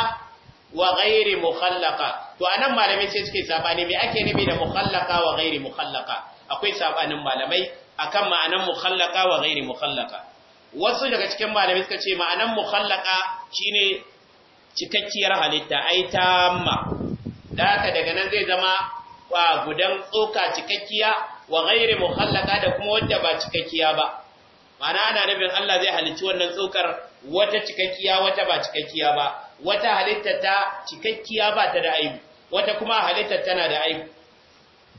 wa ghairi mukhallaqa to anan malamai sai suke sabani me ake nufi da mukhallaqa wa ghairi mukhallaqa akwai sabanin malamai akan ma'anan mukhallaqa wa ghairi mukhallaqa wasu daga cikin malamai suka ce ma'anan mukhallaqa shine cikakkiyar halitta ai tamma da haka daga nan zai zama wa gudan tsoka cikakkiya wa ghairi mukhallaka da kuma wanda ba cikakkiya ba mana ana nabin Allah zai halicci wannan tsokar wata cikakkiya wata ba cikakkiya ba wata halitta ta cikakkiya ba ta da aibu wata kuma halitta tana da aibu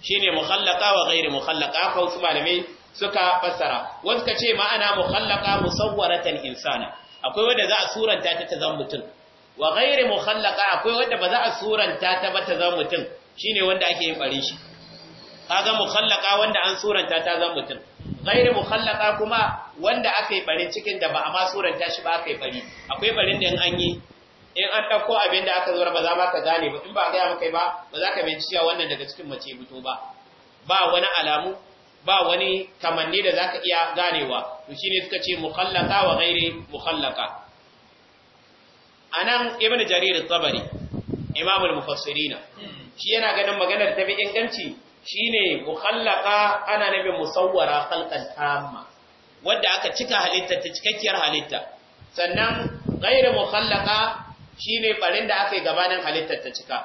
shine mukhallaka wa ghairi mukhallaka ko su malamai suka fassara wasu ka ce ma'ana mukhallaka musawwaratan insana akwai wanda za a suranta ta ta zan mutum wa ghairi mukhallaka akwai wanda ba za a suranta ta ba ta zan mutum shine wanda ake yin barin shi kaga mukhallaka wanda an suranta ta zan mutum ghairu mukhallaka kuma wanda aka yi barin cikin da ba a ma suranta shi ba aka bari akwai barin da in an yi in an ɗauko abin da aka zura ba za ma ka gane ba in ba gaya maka ba ba za ka bin cewa wannan daga cikin mace fito ba ba wani alamu ba wani kamanni da za ka iya ganewa to shi suka ce mukhallaka wa gaire mukhallaka anan nan jarir at-tabari imamul mufassirina shi yana ganin maganar ta bi inganci shine mukhallaka ana nufin musawwara khalqan tamma wanda aka cika halitta ta cikakkiyar halitta sannan ghairu mukhallaka shine barin da aka yi gabanin halittar ta cika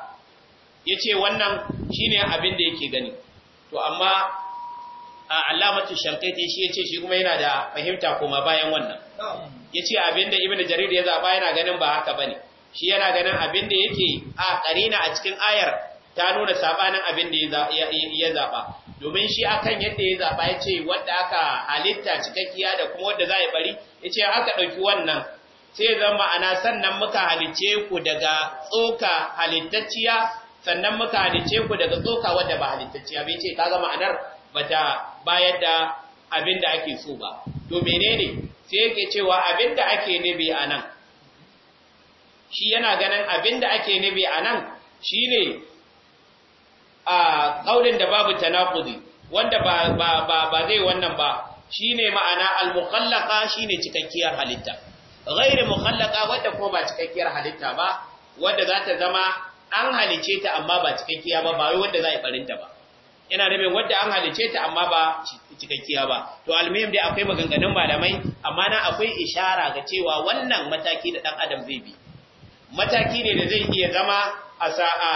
yace wannan shine abin da yake gani to amma a alamatu sharqaiti shi yace shi kuma yana da fahimta kuma bayan wannan yace abinda ibnu jarir ya zaba yana ganin ba haka bane shi yana ganin abin abinda yake a karina a cikin ayar ta nuna sabanin abin da ya zaba domin shi akan yadda ya zaba ya ce wadda aka halitta cikakkiya da kuma wadda za a bari ya ce aka ɗauki wannan sai zan ma'ana sannan muka halice ku daga tsoka halittacciya sannan muka halice ku daga tsoka wadda ba halittacciya bai ce zama anar ma'anar bata bayar da abin da ake so ba to menene sai yake cewa abin da ake nubi a nan shi yana ganin abin da ake nubi a nan shi ne a kaulin da babu tanaqudi wanda ba ba ba, ba zai wannan ba shine ma'ana al-mukhallaqa shine cikakkiyar halitta ghairu mukhallaqa wanda kuma ba cikakkiyar halitta ba wanda za ta zama an halice ta amma ba cikakkiya ba ba wai wanda za a barinta ba ina da wanda an halice ta amma ba cikakkiya ba to almuhim dai akwai maganganun malamai amma na akwai ishara ga cewa wannan mataki da dan adam zai bi mataki ne da zai iya zama a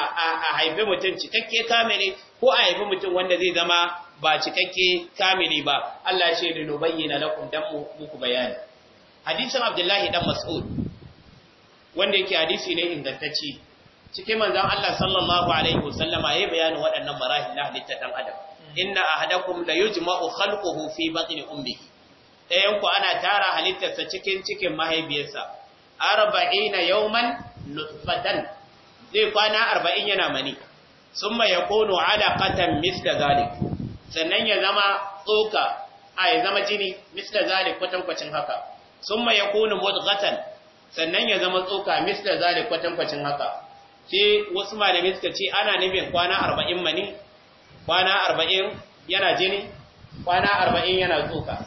haifi mutum cikakke kamili ko a haifi mutum wanda zai zama ba cikakke kamili ba Allah ce da na lakum dan muku bayani hadisin Abdullahi dan Mas'ud wanda yake hadisi ne ingantacce cikin manzon Allah sallallahu alaihi wasallama yayi bayanin waɗannan marahil na halitta dan adam inna ahadakum la yujma'u khalquhu fi batni ummihi ɗayan ku ana tara halittarsa cikin cikin mahaifiyarsa arba'ina yawman nutfatan zai kwana arba'in yana mani sun ma ya kono alaƙatan mista zalik sannan ya zama tsoka a ya zama jini mista zalik kwatankwacin haka sun ma ya kono mudgatan sannan ya zama tsoka mista zalik kwatankwacin haka sai wasu malamai suka ce ana nufin kwana arba'in mani kwana arba'in yana jini kwana arba'in yana tsoka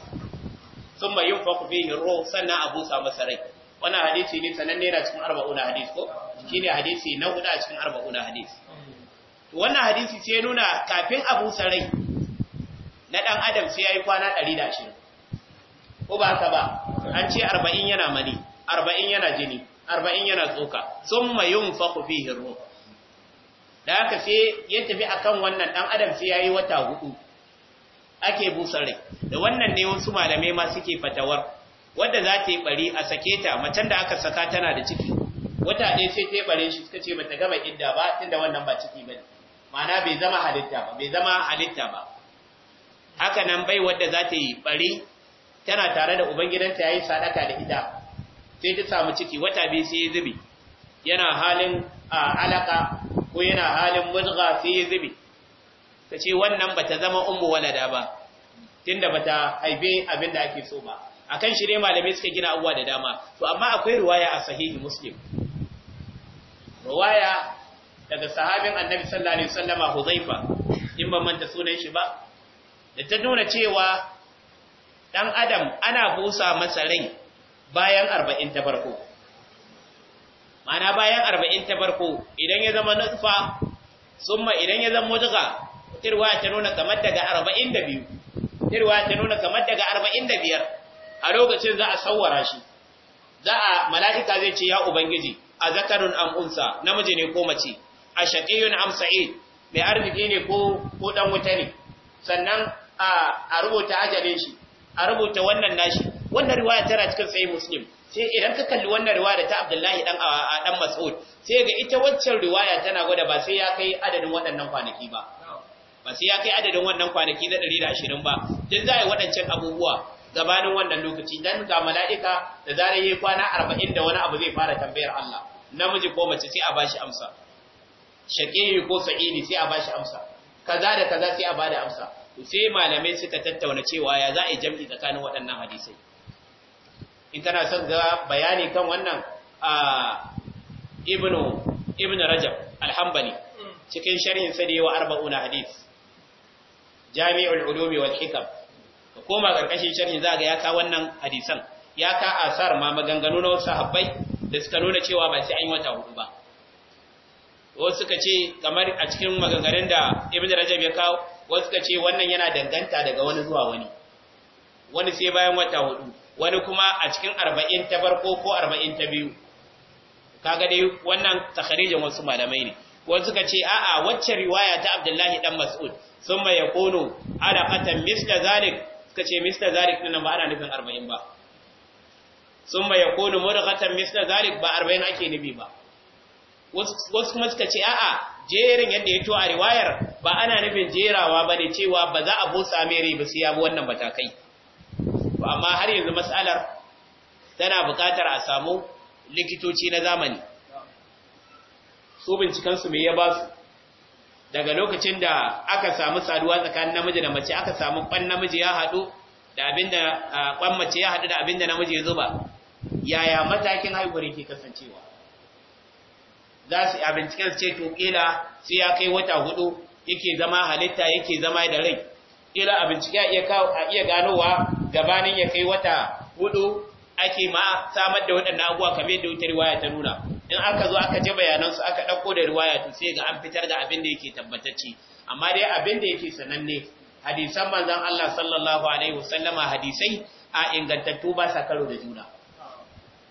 sun ma yin fakufi hiro sannan a busa masa rai wannan hadisi ne sananne na cikin arba'una hadisi ko shine hadisi na hudu a cikin arba'una hadisi wannan hadisi sai nuna kafin abu sarai na dan adam sai yayi kwana 120 ko ba ta ba an ce 40 yana mani 40 yana jini 40 yana tsoka summa yunfakhu fihi ruh da haka sai ya tafi akan wannan dan adam sai yayi wata hudu ake busarai da wannan ne wasu malamai ma suke fatawar wadda za ta yi bari a sake ta macen da aka saka tana da ciki wata ɗaya sai ta yi bare shi suka ce bata gama idda ba tunda wannan ba ciki bane ma'ana bai zama halitta ba bai zama halitta ba haka nan bai wadda za ta yi bari tana tare da ubangidanta yi sadaka da ita sai ta samu ciki wata biyu sai ya zubi yana halin alaka ko yana halin mudgha sai ya zubi ta ce wannan bata zama ummu walada ba tunda bata haife abin da ake so ba akan shi ne malamai suka gina abuwa da dama to amma akwai riwaya a sahihi muslim riwaya daga sahabin annabi sallallahu alaihi wasallama huzaifa in ban manta sunan shi ba da ta nuna cewa dan adam ana busa masa rai bayan 40 ta farko ma'ana bayan 40 ta farko idan ya zama nutfa summa idan ya zama mudga tirwa ta nuna kamar daga 42 tirwa ta nuna kamar daga 45 a lokacin za a sawwara shi za a mala'ika zai ce ya ubangiji a zakarun am namiji ne ko mace a shaqiyun am mai arziki ne ko ko wuta ne sannan a rubuta ajalin shi a rubuta wannan nashi wannan riwaya tana cikin sahih muslim sai idan ka kalli wannan riwaya ta Abdullahi dan dan Mas'ud sai ga ita waccan riwaya tana gwada ba sai ya kai adadin waɗannan kwanaki ba ba sai ya kai adadin wannan kwanaki na 120 ba dan yi waɗancan abubuwa gabanin wannan lokaci dan ga mala'ika da zarar yayi kwana 40 da wani abu zai fara tambayar Allah namiji ko mace sai a bashi amsa shaqiyi ko sa'idi sai a bashi amsa kaza da kaza sai a bada amsa sai malamai suka tattauna cewa ya za a jam'i tsakanin waɗannan hadisai in kana son ga bayani kan wannan a ibnu ibnu rajab al-hanbali cikin sharhin sa da yawa 40 hadis jami'ul ulumi wal hikam ka koma karkashin sharhi za ga ya ka wannan hadisan ya ka asar ma maganganu na wasu sahabbai da suka nuna cewa ba sai an yi wata hudu ba wasu suka ce kamar a cikin maganganun da ibn rajab ya kawo wasu suka ce wannan yana danganta daga wani zuwa wani wani sai bayan wata hudu wani kuma a cikin 40 ta farko ko 40 ta biyu kaga dai wannan takharijin wasu malamai ne wasu suka ce a'a wacce riwaya ta Abdullahi dan Mas'ud summa yakunu qatan misla zalik suka ce mr zarik din ba ana nufin arba'in ba sun ba yakunu mudghatan mr zarik ba arbain ake nufi ba wasu kuma suka ce a'a jerin yadda ya to a riwayar ba ana nufin jerawa ba ne cewa ba za a busa mere ba sai ya bi wannan matakai amma har yanzu matsalar tana buƙatar a samu likitoci na zamani su bincikansu mai ya ba su daga lokacin da aka samu saduwa tsakanin namiji da mace aka samu kwan namiji ya haɗu da abinda kwan mace ya haɗu da abinda namiji ya zuba yaya matakin haihuwar yake kasancewa za su a binciken su ce to kila sai ya kai wata hudu yake zama halitta yake zama da rai kila a bincike a iya ganowa gabanin ya kai wata hudu ake ma samar da waɗannan abuwa kamar yadda wutar waya ta nuna in aka zo aka ji su aka ɗauko da riwaya to sai ga an fitar da abin da yake tabbatacce amma dai abin da yake sananne hadisan manzon Allah sallallahu alaihi wasallama hadisai a ingantattu ba sa karo da juna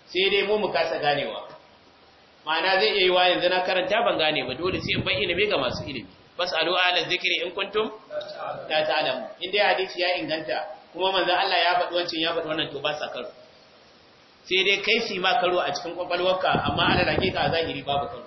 sai dai mu mu kasa ganewa ma'ana zai iya yi wa yanzu na karanta ban gane ba dole sai in bai ilimi ga masu ilimi Bas alu ala zikri in kuntum la ta'lamu in dai hadisi ya inganta kuma manzon Allah ya faɗi wancan ya faɗi wannan to ba sa karo sai dai kai su ma karo a cikin kwakwalwarka amma ana da ka a zahiri babu karo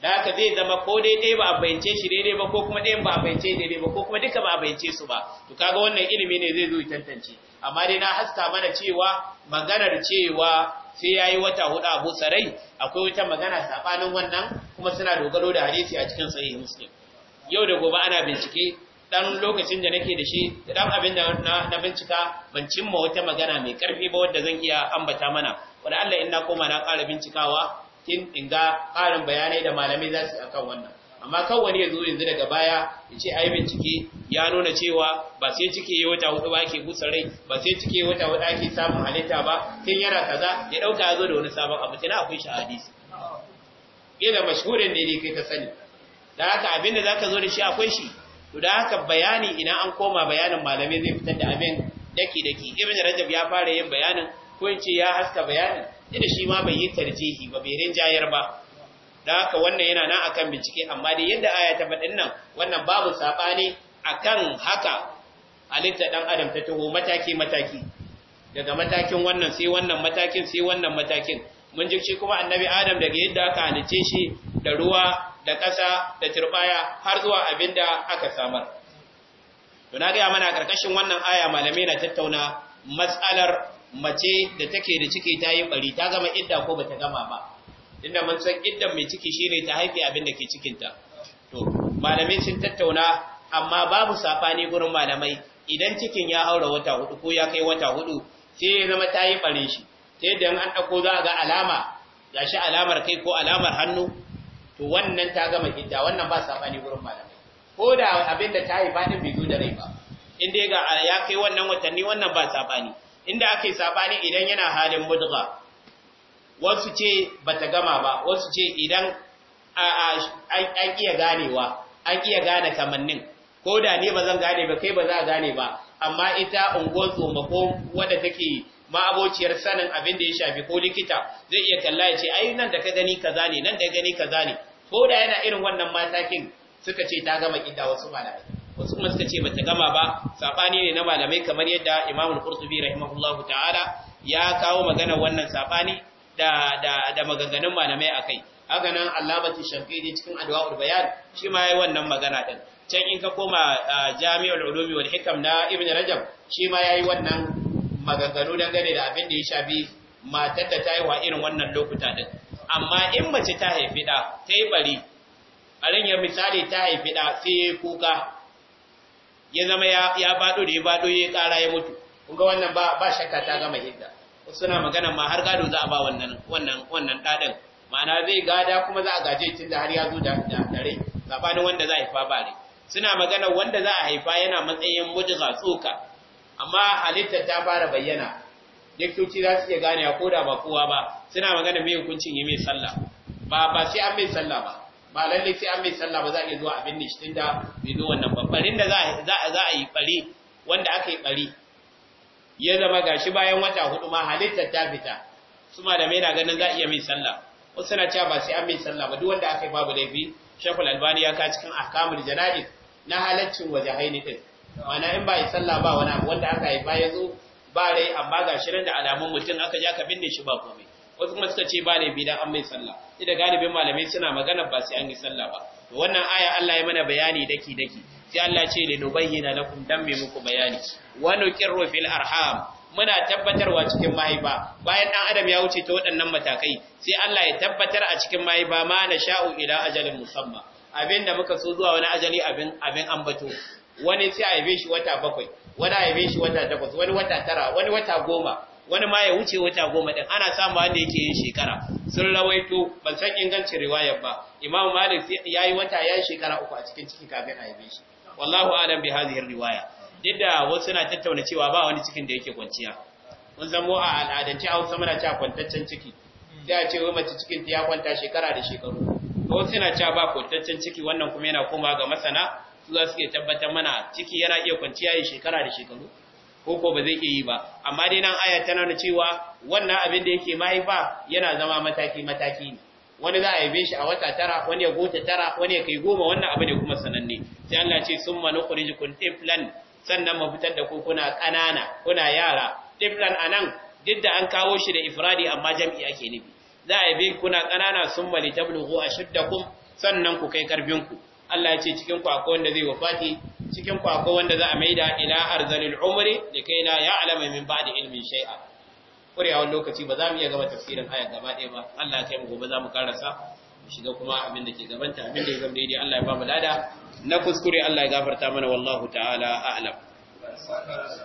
da haka zai zama ko daidai ba a bayance shi daidai ba ko kuma ɗayan ba a bayance daidai ba ko kuma duka ba a bayance su ba to kaga wannan ilimi ne zai zo tantance amma dai na haska mana cewa maganar cewa sai yayi wata hudu abu sarai akwai wata magana sabanin wannan kuma suna dogaro da hadisi a cikin sahihin muslim yau da gobe ana bincike dan lokacin da nake da shi da dan abin da na bincika ban cimma wata magana mai karfi ba wanda zan iya ambata mana wanda Allah in na koma na ƙara bincikawa kin in ga ƙarin bayanai da malamai za su akan wannan amma kan wani ya zo yanzu daga baya ya ce ai bincike ya nuna cewa ba sai cike ya wata hudu ba ke busa rai ba sai cike ya wata hudu ake samun halitta ba Tin yana kaza ya dauka ya zo da wani sabon abu tana akwai shi hadisi yana mashhurin ne ne kai ka sani da haka abin abinda zaka zo da shi akwai shi to da haka bayani ina an koma bayanin malamai zai fitar da abin daki-daki ibn rajab ya fara yin bayanin ko in ce ya haska bayanin da shi ma bai yi tarjihi ba bai rinjayar ba da haka wannan yana nan akan bincike amma dai yadda aya ta faɗin nan wannan babu saɓani akan haka halitta ɗan adam ta taho mataki-mataki daga matakin wannan sai wannan matakin sai wannan matakin mun ji shi kuma annabi adam daga yadda aka halice shi da ruwa da ƙasa da turbaya har zuwa abin da aka samar. To na gaya mana karkashin wannan aya malamai na tattauna matsalar mace da take da ciki ta yi bari ta gama idda ko bata gama ba. Inda mun san iddan mai ciki shine ta haifi abin da ke cikinta. To malamai sun tattauna amma babu safani gurin malamai idan cikin ya haura wata hudu ko ya kai wata hudu sai ya zama ta yi barin shi. Ta yadda an ɗauko za a ga alama gashi alamar kai ko alamar hannu to wannan ta gama gida, wannan ba sabani gurin malamai ko da abin da ta yi fadin bai zo da rai ba in dai ga ya kai wannan watanni wannan ba sabani inda ake sabani idan yana halin mudgha wasu ce bata gama ba wasu ce idan an iya ganewa an iya gane tamannin, ko da ne ba zan gane ba kai ba za a gane ba amma ita unguwar tsoma ko wadda take ma'abociyar sanin abin da ya shafi ko likita zai iya kalla ya ce ai nan da ka gani kaza ne nan da gani kaza ne ko da yana irin wannan matakin suka ce ta gama idda wasu malamai wasu kuma suka ce bata gama ba sabani ne na malamai kamar yadda Imam Al-Qurtubi rahimahullahu ta'ala ya kawo magana wannan sabani da da da maganganun malamai akai haka nan Allamati Shafi'i cikin Adwa'ul Bayan shi ma yayi wannan magana din can in ka koma Jami'ul Ulumi wal Hikam na Ibn Rajab shi ma yayi wannan maganganu dangane da abin da ya shafi matar da ta yi wa irin wannan lokuta din amma in mace ta haifi ɗa ta yi bari a ranyar misali ta haifi ɗa sai ya kuka ya zama ya baɗo da ya baɗo ya ƙara ya mutu kunga wannan ba shakka ta gama hidda suna magana ma har gado za a ba wannan wannan wannan ɗaɗin ma'ana zai gada kuma za a gaje tun da har ya zo da dare, sabanin wanda za a haifa ba rai suna magana wanda za a haifa yana matsayin mujga tsoka amma halitta ta fara bayyana Likitoci za su iya gane ko da ba kowa ba suna magana mai hukuncin yi mai sallah ba ba sai an mai sallah ba ba lalle sai an mai sallah ba za a iya zuwa abin ne shi da bai zo wannan ba barin da za a yi bari wanda aka yi bari ya zama gashi bayan wata hudu ma halittar ta fita su mai na ganin za a iya mai sallah wasu suna cewa ba sai an mai sallah ba duk wanda aka yi babu laifi shakul albani ya ka cikin ahkamul janaiz na halaccin waje din ma'ana in ba yi sallah ba wani abu wanda aka yi ba ya zo ba rai amma ga shirin da alamun mutum aka ja ka binne shi ba komai wasu kuma suka ce ba ne bidan an mai sallah sai da galibin malamai suna magana ba sai an yi sallah ba to wannan aya Allah ya mana bayani daki daki sai Allah ce li nubayyana lakum dan mai muku bayani wa nuqirru fil arham muna tabbatarwa cikin mahaifa bayan dan adam ya wuce ta waɗannan matakai sai Allah ya tabbatar a cikin mahaifa ma na sha'u ila ajalin musamma abinda muka so zuwa wani ajali abin abin ambato wani sai a yi shi wata bakwai wani aibe shi wata takwas wani wata tara wani wata goma wani ma ya wuce wata goma ɗin. ana samu wanda yake yin shekara sun rawaito ban san ingancin riwayar ba imamu malik yayi wata ya shekara uku a cikin ciki kafin a yabe shi wallahu alam bi hadhihi riwaya duk da wasu na tattauna cewa ba wani cikin da yake kwanciya mun zamo a al'adance a wasu muna cewa kwantaccen ciki sai a ce wai mace cikin ta ya kwanta shekara da shekaru ko wasu na cewa ba kwantaccen ciki wannan kuma yana koma ga masana su za su ke tabbatar mana ciki yana iya kwanciya ya shekara da shekaru ko ko ba zai iya yi ba amma dai nan aya tana nuna cewa wannan abin da yake mahaifa yana zama mataki mataki ne wani za a yi shi a wata tara wani ya gota tara wani ya kai goma wannan abu ne kuma sananne sai Allah ce summa nukhrijukum tiflan sannan mu fitar da ku kuna kanana kuna yara tiflan anan duk da an kawo shi da ifradi amma jam'i ake nufi za a yabe kuna kanana summa litablughu ashuddakum sannan ku kai ku. Allah ya ce cikin ku wanda zai wafati cikin ku wanda za a maida ila arzalil umri likai ya alama min da ilmin shay'a kurewa lokaci ba za mu iya gama tafsirin haya gaba ɗaya ba Allah ya kai mu gobe za mu karasa mu shiga kuma abin da ke gabanta abin da ya zama daidai Allah ya ba mu lada na kuskure Allah ya gafarta mana wallahu ta'ala a'lam